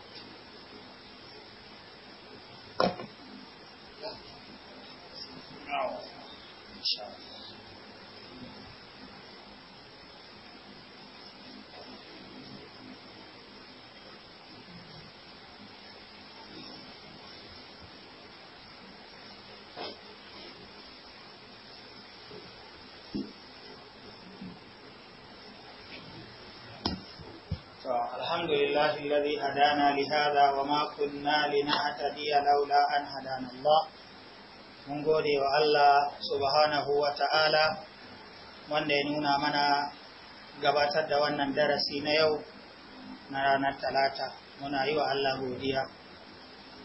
الذي هدانا لهذا وما كنا لنهتدي لولا mun gode wa Allah subhanahu wa ta'ala wanda ya nuna mana gabatar da wannan darasi na yau na ranar talata muna yi wa Allah godiya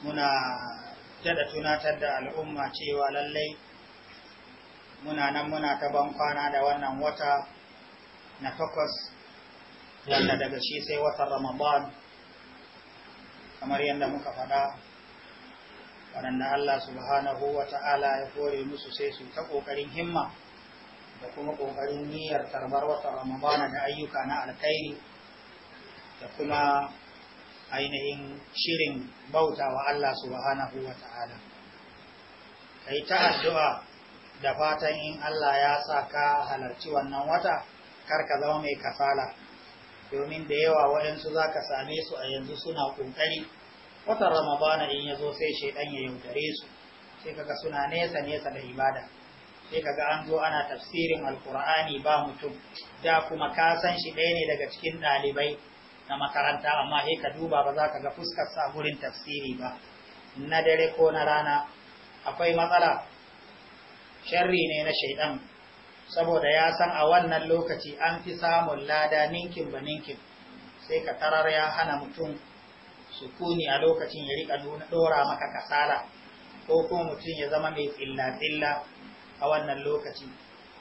muna jada tunatar da al'umma cewa lallai muna nan muna ta ban kwana da wannan wata na takwas wanda daga shi sai watan ramadan kamar yadda muka faɗa waɗanda Allah subhanahu wa ta'ala ya kore musu sai su ta ƙoƙarin himma da kuma ƙoƙarin niyyar tarbar wata ramadana da ayyuka na alkhairi da kuma ainihin shirin bauta wa Allah subhanahu wa ta'ala kai ta addu'a da fatan in Allah ya sa ka halarci wannan wata kar ka zama mai kasala domin da yawa waɗansu za ka same su a yanzu suna ƙoƙari watan ramadana in ya zo sai shaidan ya yaudare su sai kaga suna nesa nesa da ibada sai kaga an zo ana tafsirin alkur'ani ba mutum da kuma ka san shi ɗaya ne daga cikin ɗalibai na makaranta amma sai ka duba ba za ka ga fuskar sa gurin tafsiri ba na dare ko na rana akwai matsala sharri ne na shaidan saboda ya san a wannan lokaci an fi samun lada ninkin ba ninkin sai ka tarar ya hana mutum sukuni a lokacin ya riƙa dora maka kasala ko kuma mutum ya zama mai tsilla-tsilla a wannan lokaci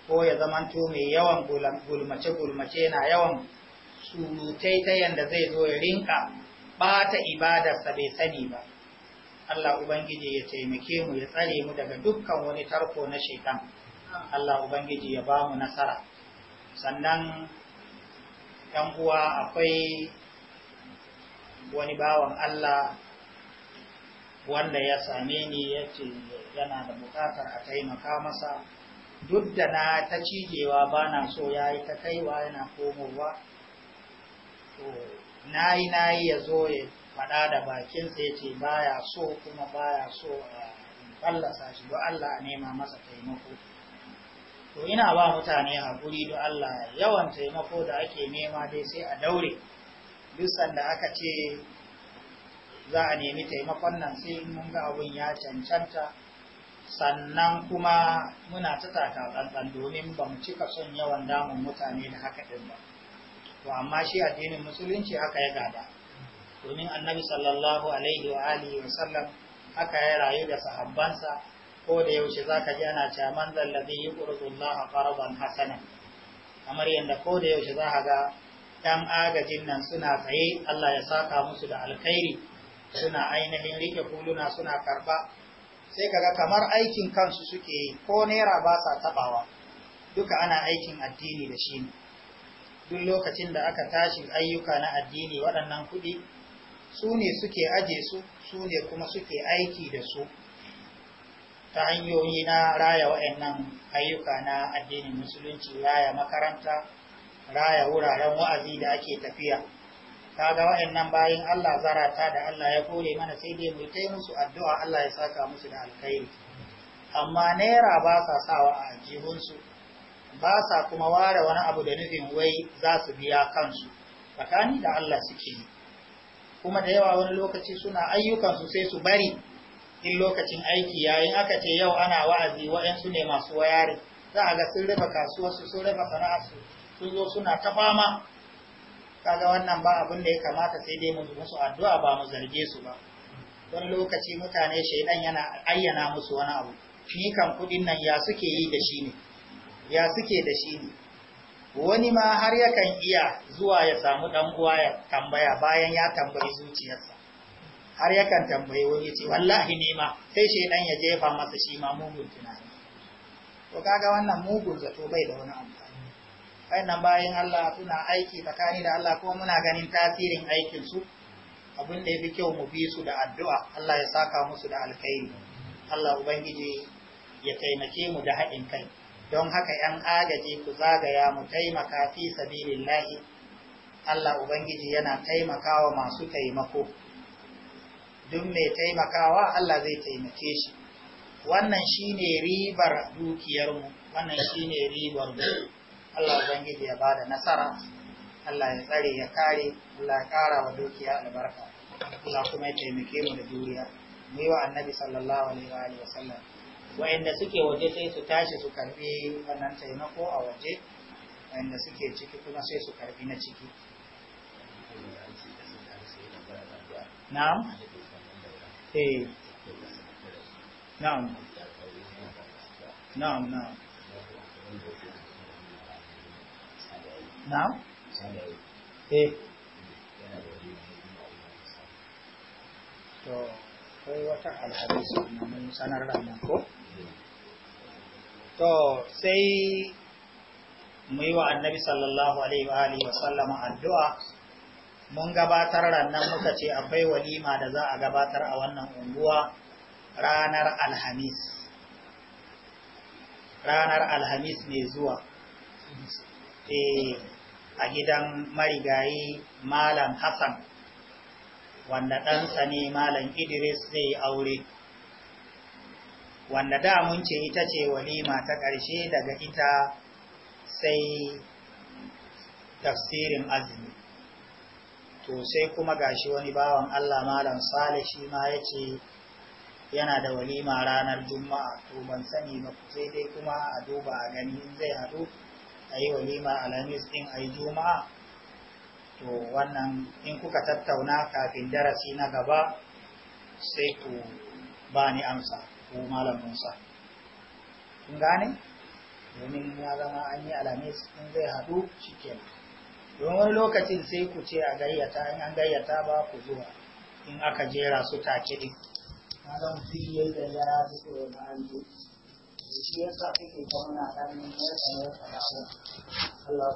ko ya zama zamanto mai yawan gulmace-gulmace na yawan surutai ta yanda zai zo ya rinka ɓata ibadarsa bai sani ba Allah Ubangiji ya taimake mu ya tsare mu daga dukkan wani tarko na shaitan. Allah Ubangiji ya ba mu nasara sannan ‘yan uwa akwai wani bawan Allah wanda ya same ni ya ce yana da bukatar a taimaka masa duk da na ta cijewa ba na so ya yi ta kaiwa yana komowa na yi na yi ya zo ya faɗa da bakinsa ya ce baya so kuma baya so a eh, fallasa shi ba Allah a nema masa taimako to ina ba mutane haƙuri da Allah yawan taimako da ake nema dai sai a daure duk sanda aka ce za a nemi taimakon nan sai mun ga abun ya cancanta sannan kuma muna ta taka tsantsan domin ba mu cika son yawan damun mutane da haka ɗin ba to amma shi addinin musulunci haka ya gada domin annabi sallallahu alaihi wa alihi wa sallam haka ya rayu da sahabbansa ko da yaushe za ka ji ana cewa man zai yi ƙurzullah a faraban hasana kamar yadda ko da yaushe za ka ga ɗan agajin nan suna tsaye Allah ya saka musu da alkhairi suna ainihin rike huluna suna karɓa sai kaga kamar aikin kansu suke yi ko naira ba sa taɓawa duka ana aikin addini da shi ne duk lokacin da aka tashi ayyuka na addini waɗannan kuɗi su ne suke aje su su ne kuma suke aiki da su ta hanyoyi na raya wa'annan ayyuka na addinin musulunci raya makaranta raya wuraren wa'azi da ake tafiya Ta kaga wa'annan bayan Allah zarata da Allah ya kore mana sai dai mu kai musu addu'a Allah ya saka musu da alkhairi amma naira ba sa sawa a jihunsu ba sa kuma ware wani abu da nufin wai za su biya kansu tsakani da Allah suke kuma da yawa wani lokaci suna ayyukansu sai su bari in lokacin aiki yayin aka ce yau ana wa'azi wa'yansu ne masu wayare za a ga sun rufe kasuwarsu sun rufe sana'arsu sun zo suna ta fama kaga wannan ba abin da ya kamata sai dai mu musu addu'a ba mu zarge su ba Don lokaci mutane shaidan yana ayyana musu wani abu ni kan kudin nan ya suke yi da shi ne ya suke da shi ne wani ma har yakan iya zuwa ya samu dan uwa ya tambaya bayan ya tambayi zuciyarsa har yakan tambaye wani ce wallahi ne ma sai dan ya jefa masa shi ma mugun tunani to kaga wannan mugun zato bai da wani amfani wayannan bayan Allah suna aiki tsakani da Allah kuma muna ganin tasirin aikin su abin da yafi kyau mu bi su da addu'a Allah ya saka musu da alkhairi Allah ubangiji ya taimake mu da haɗin kai don haka yan agaji ku zagaya mu taimaka fi sabilillahi Allah ubangiji yana taimakawa masu taimako duk mai taimakawa Allah zai taimake shi wannan shine ribar dukiyarmu wannan shine ribar mu Allah ubangiji ya bada nasara Allah ya tsare ya kare Allah ya kara wa dukiya albarka Allah kuma ya taimake mu da duniya mu wa annabi sallallahu alaihi wa sallam Wa wa'anda suke waje sai su tashi su karbi wannan taimako a waje wa'anda suke ciki kuma sai su karbi na ciki na'am eh na'am na'am na'am na'am eh to kai wata alhamis na mun sanar da nan ko to sai mu yi wa annabi sallallahu alaihi wa sallama addu'a mun gabatar rannan muka ce akwai walima da za a gabatar a wannan unguwa ranar alhamis ranar alhamis ne zuwa eh, a gidan marigayi malam hassan wanda ɗansa ne malam idris zai yi aure wanda da mun ce ita ce walima ta ƙarshe daga ita sai tafsirin azumi to sai kuma gashi wani bawan Allah malam Salih shi ma yace yana da walima ranar Juma'a to ban sani ba sai dai kuma a duba a gani in zai haɗu ayi walima Alhamis din a yi Juma'a to wannan in kuka tattauna kafin darasi na gaba sai ku ba ni amsa ko malam Musa kun gane domin ya zama an yi Alhamis in zai haɗu shikenan don wani lokacin sai ku ce a gayyata in an gayyata ba ku zuwa in aka jera su take din na ga mutum ya da yara zuwa na hannu shi ya sa kuke kamar na ɗan yasa yasa da Allah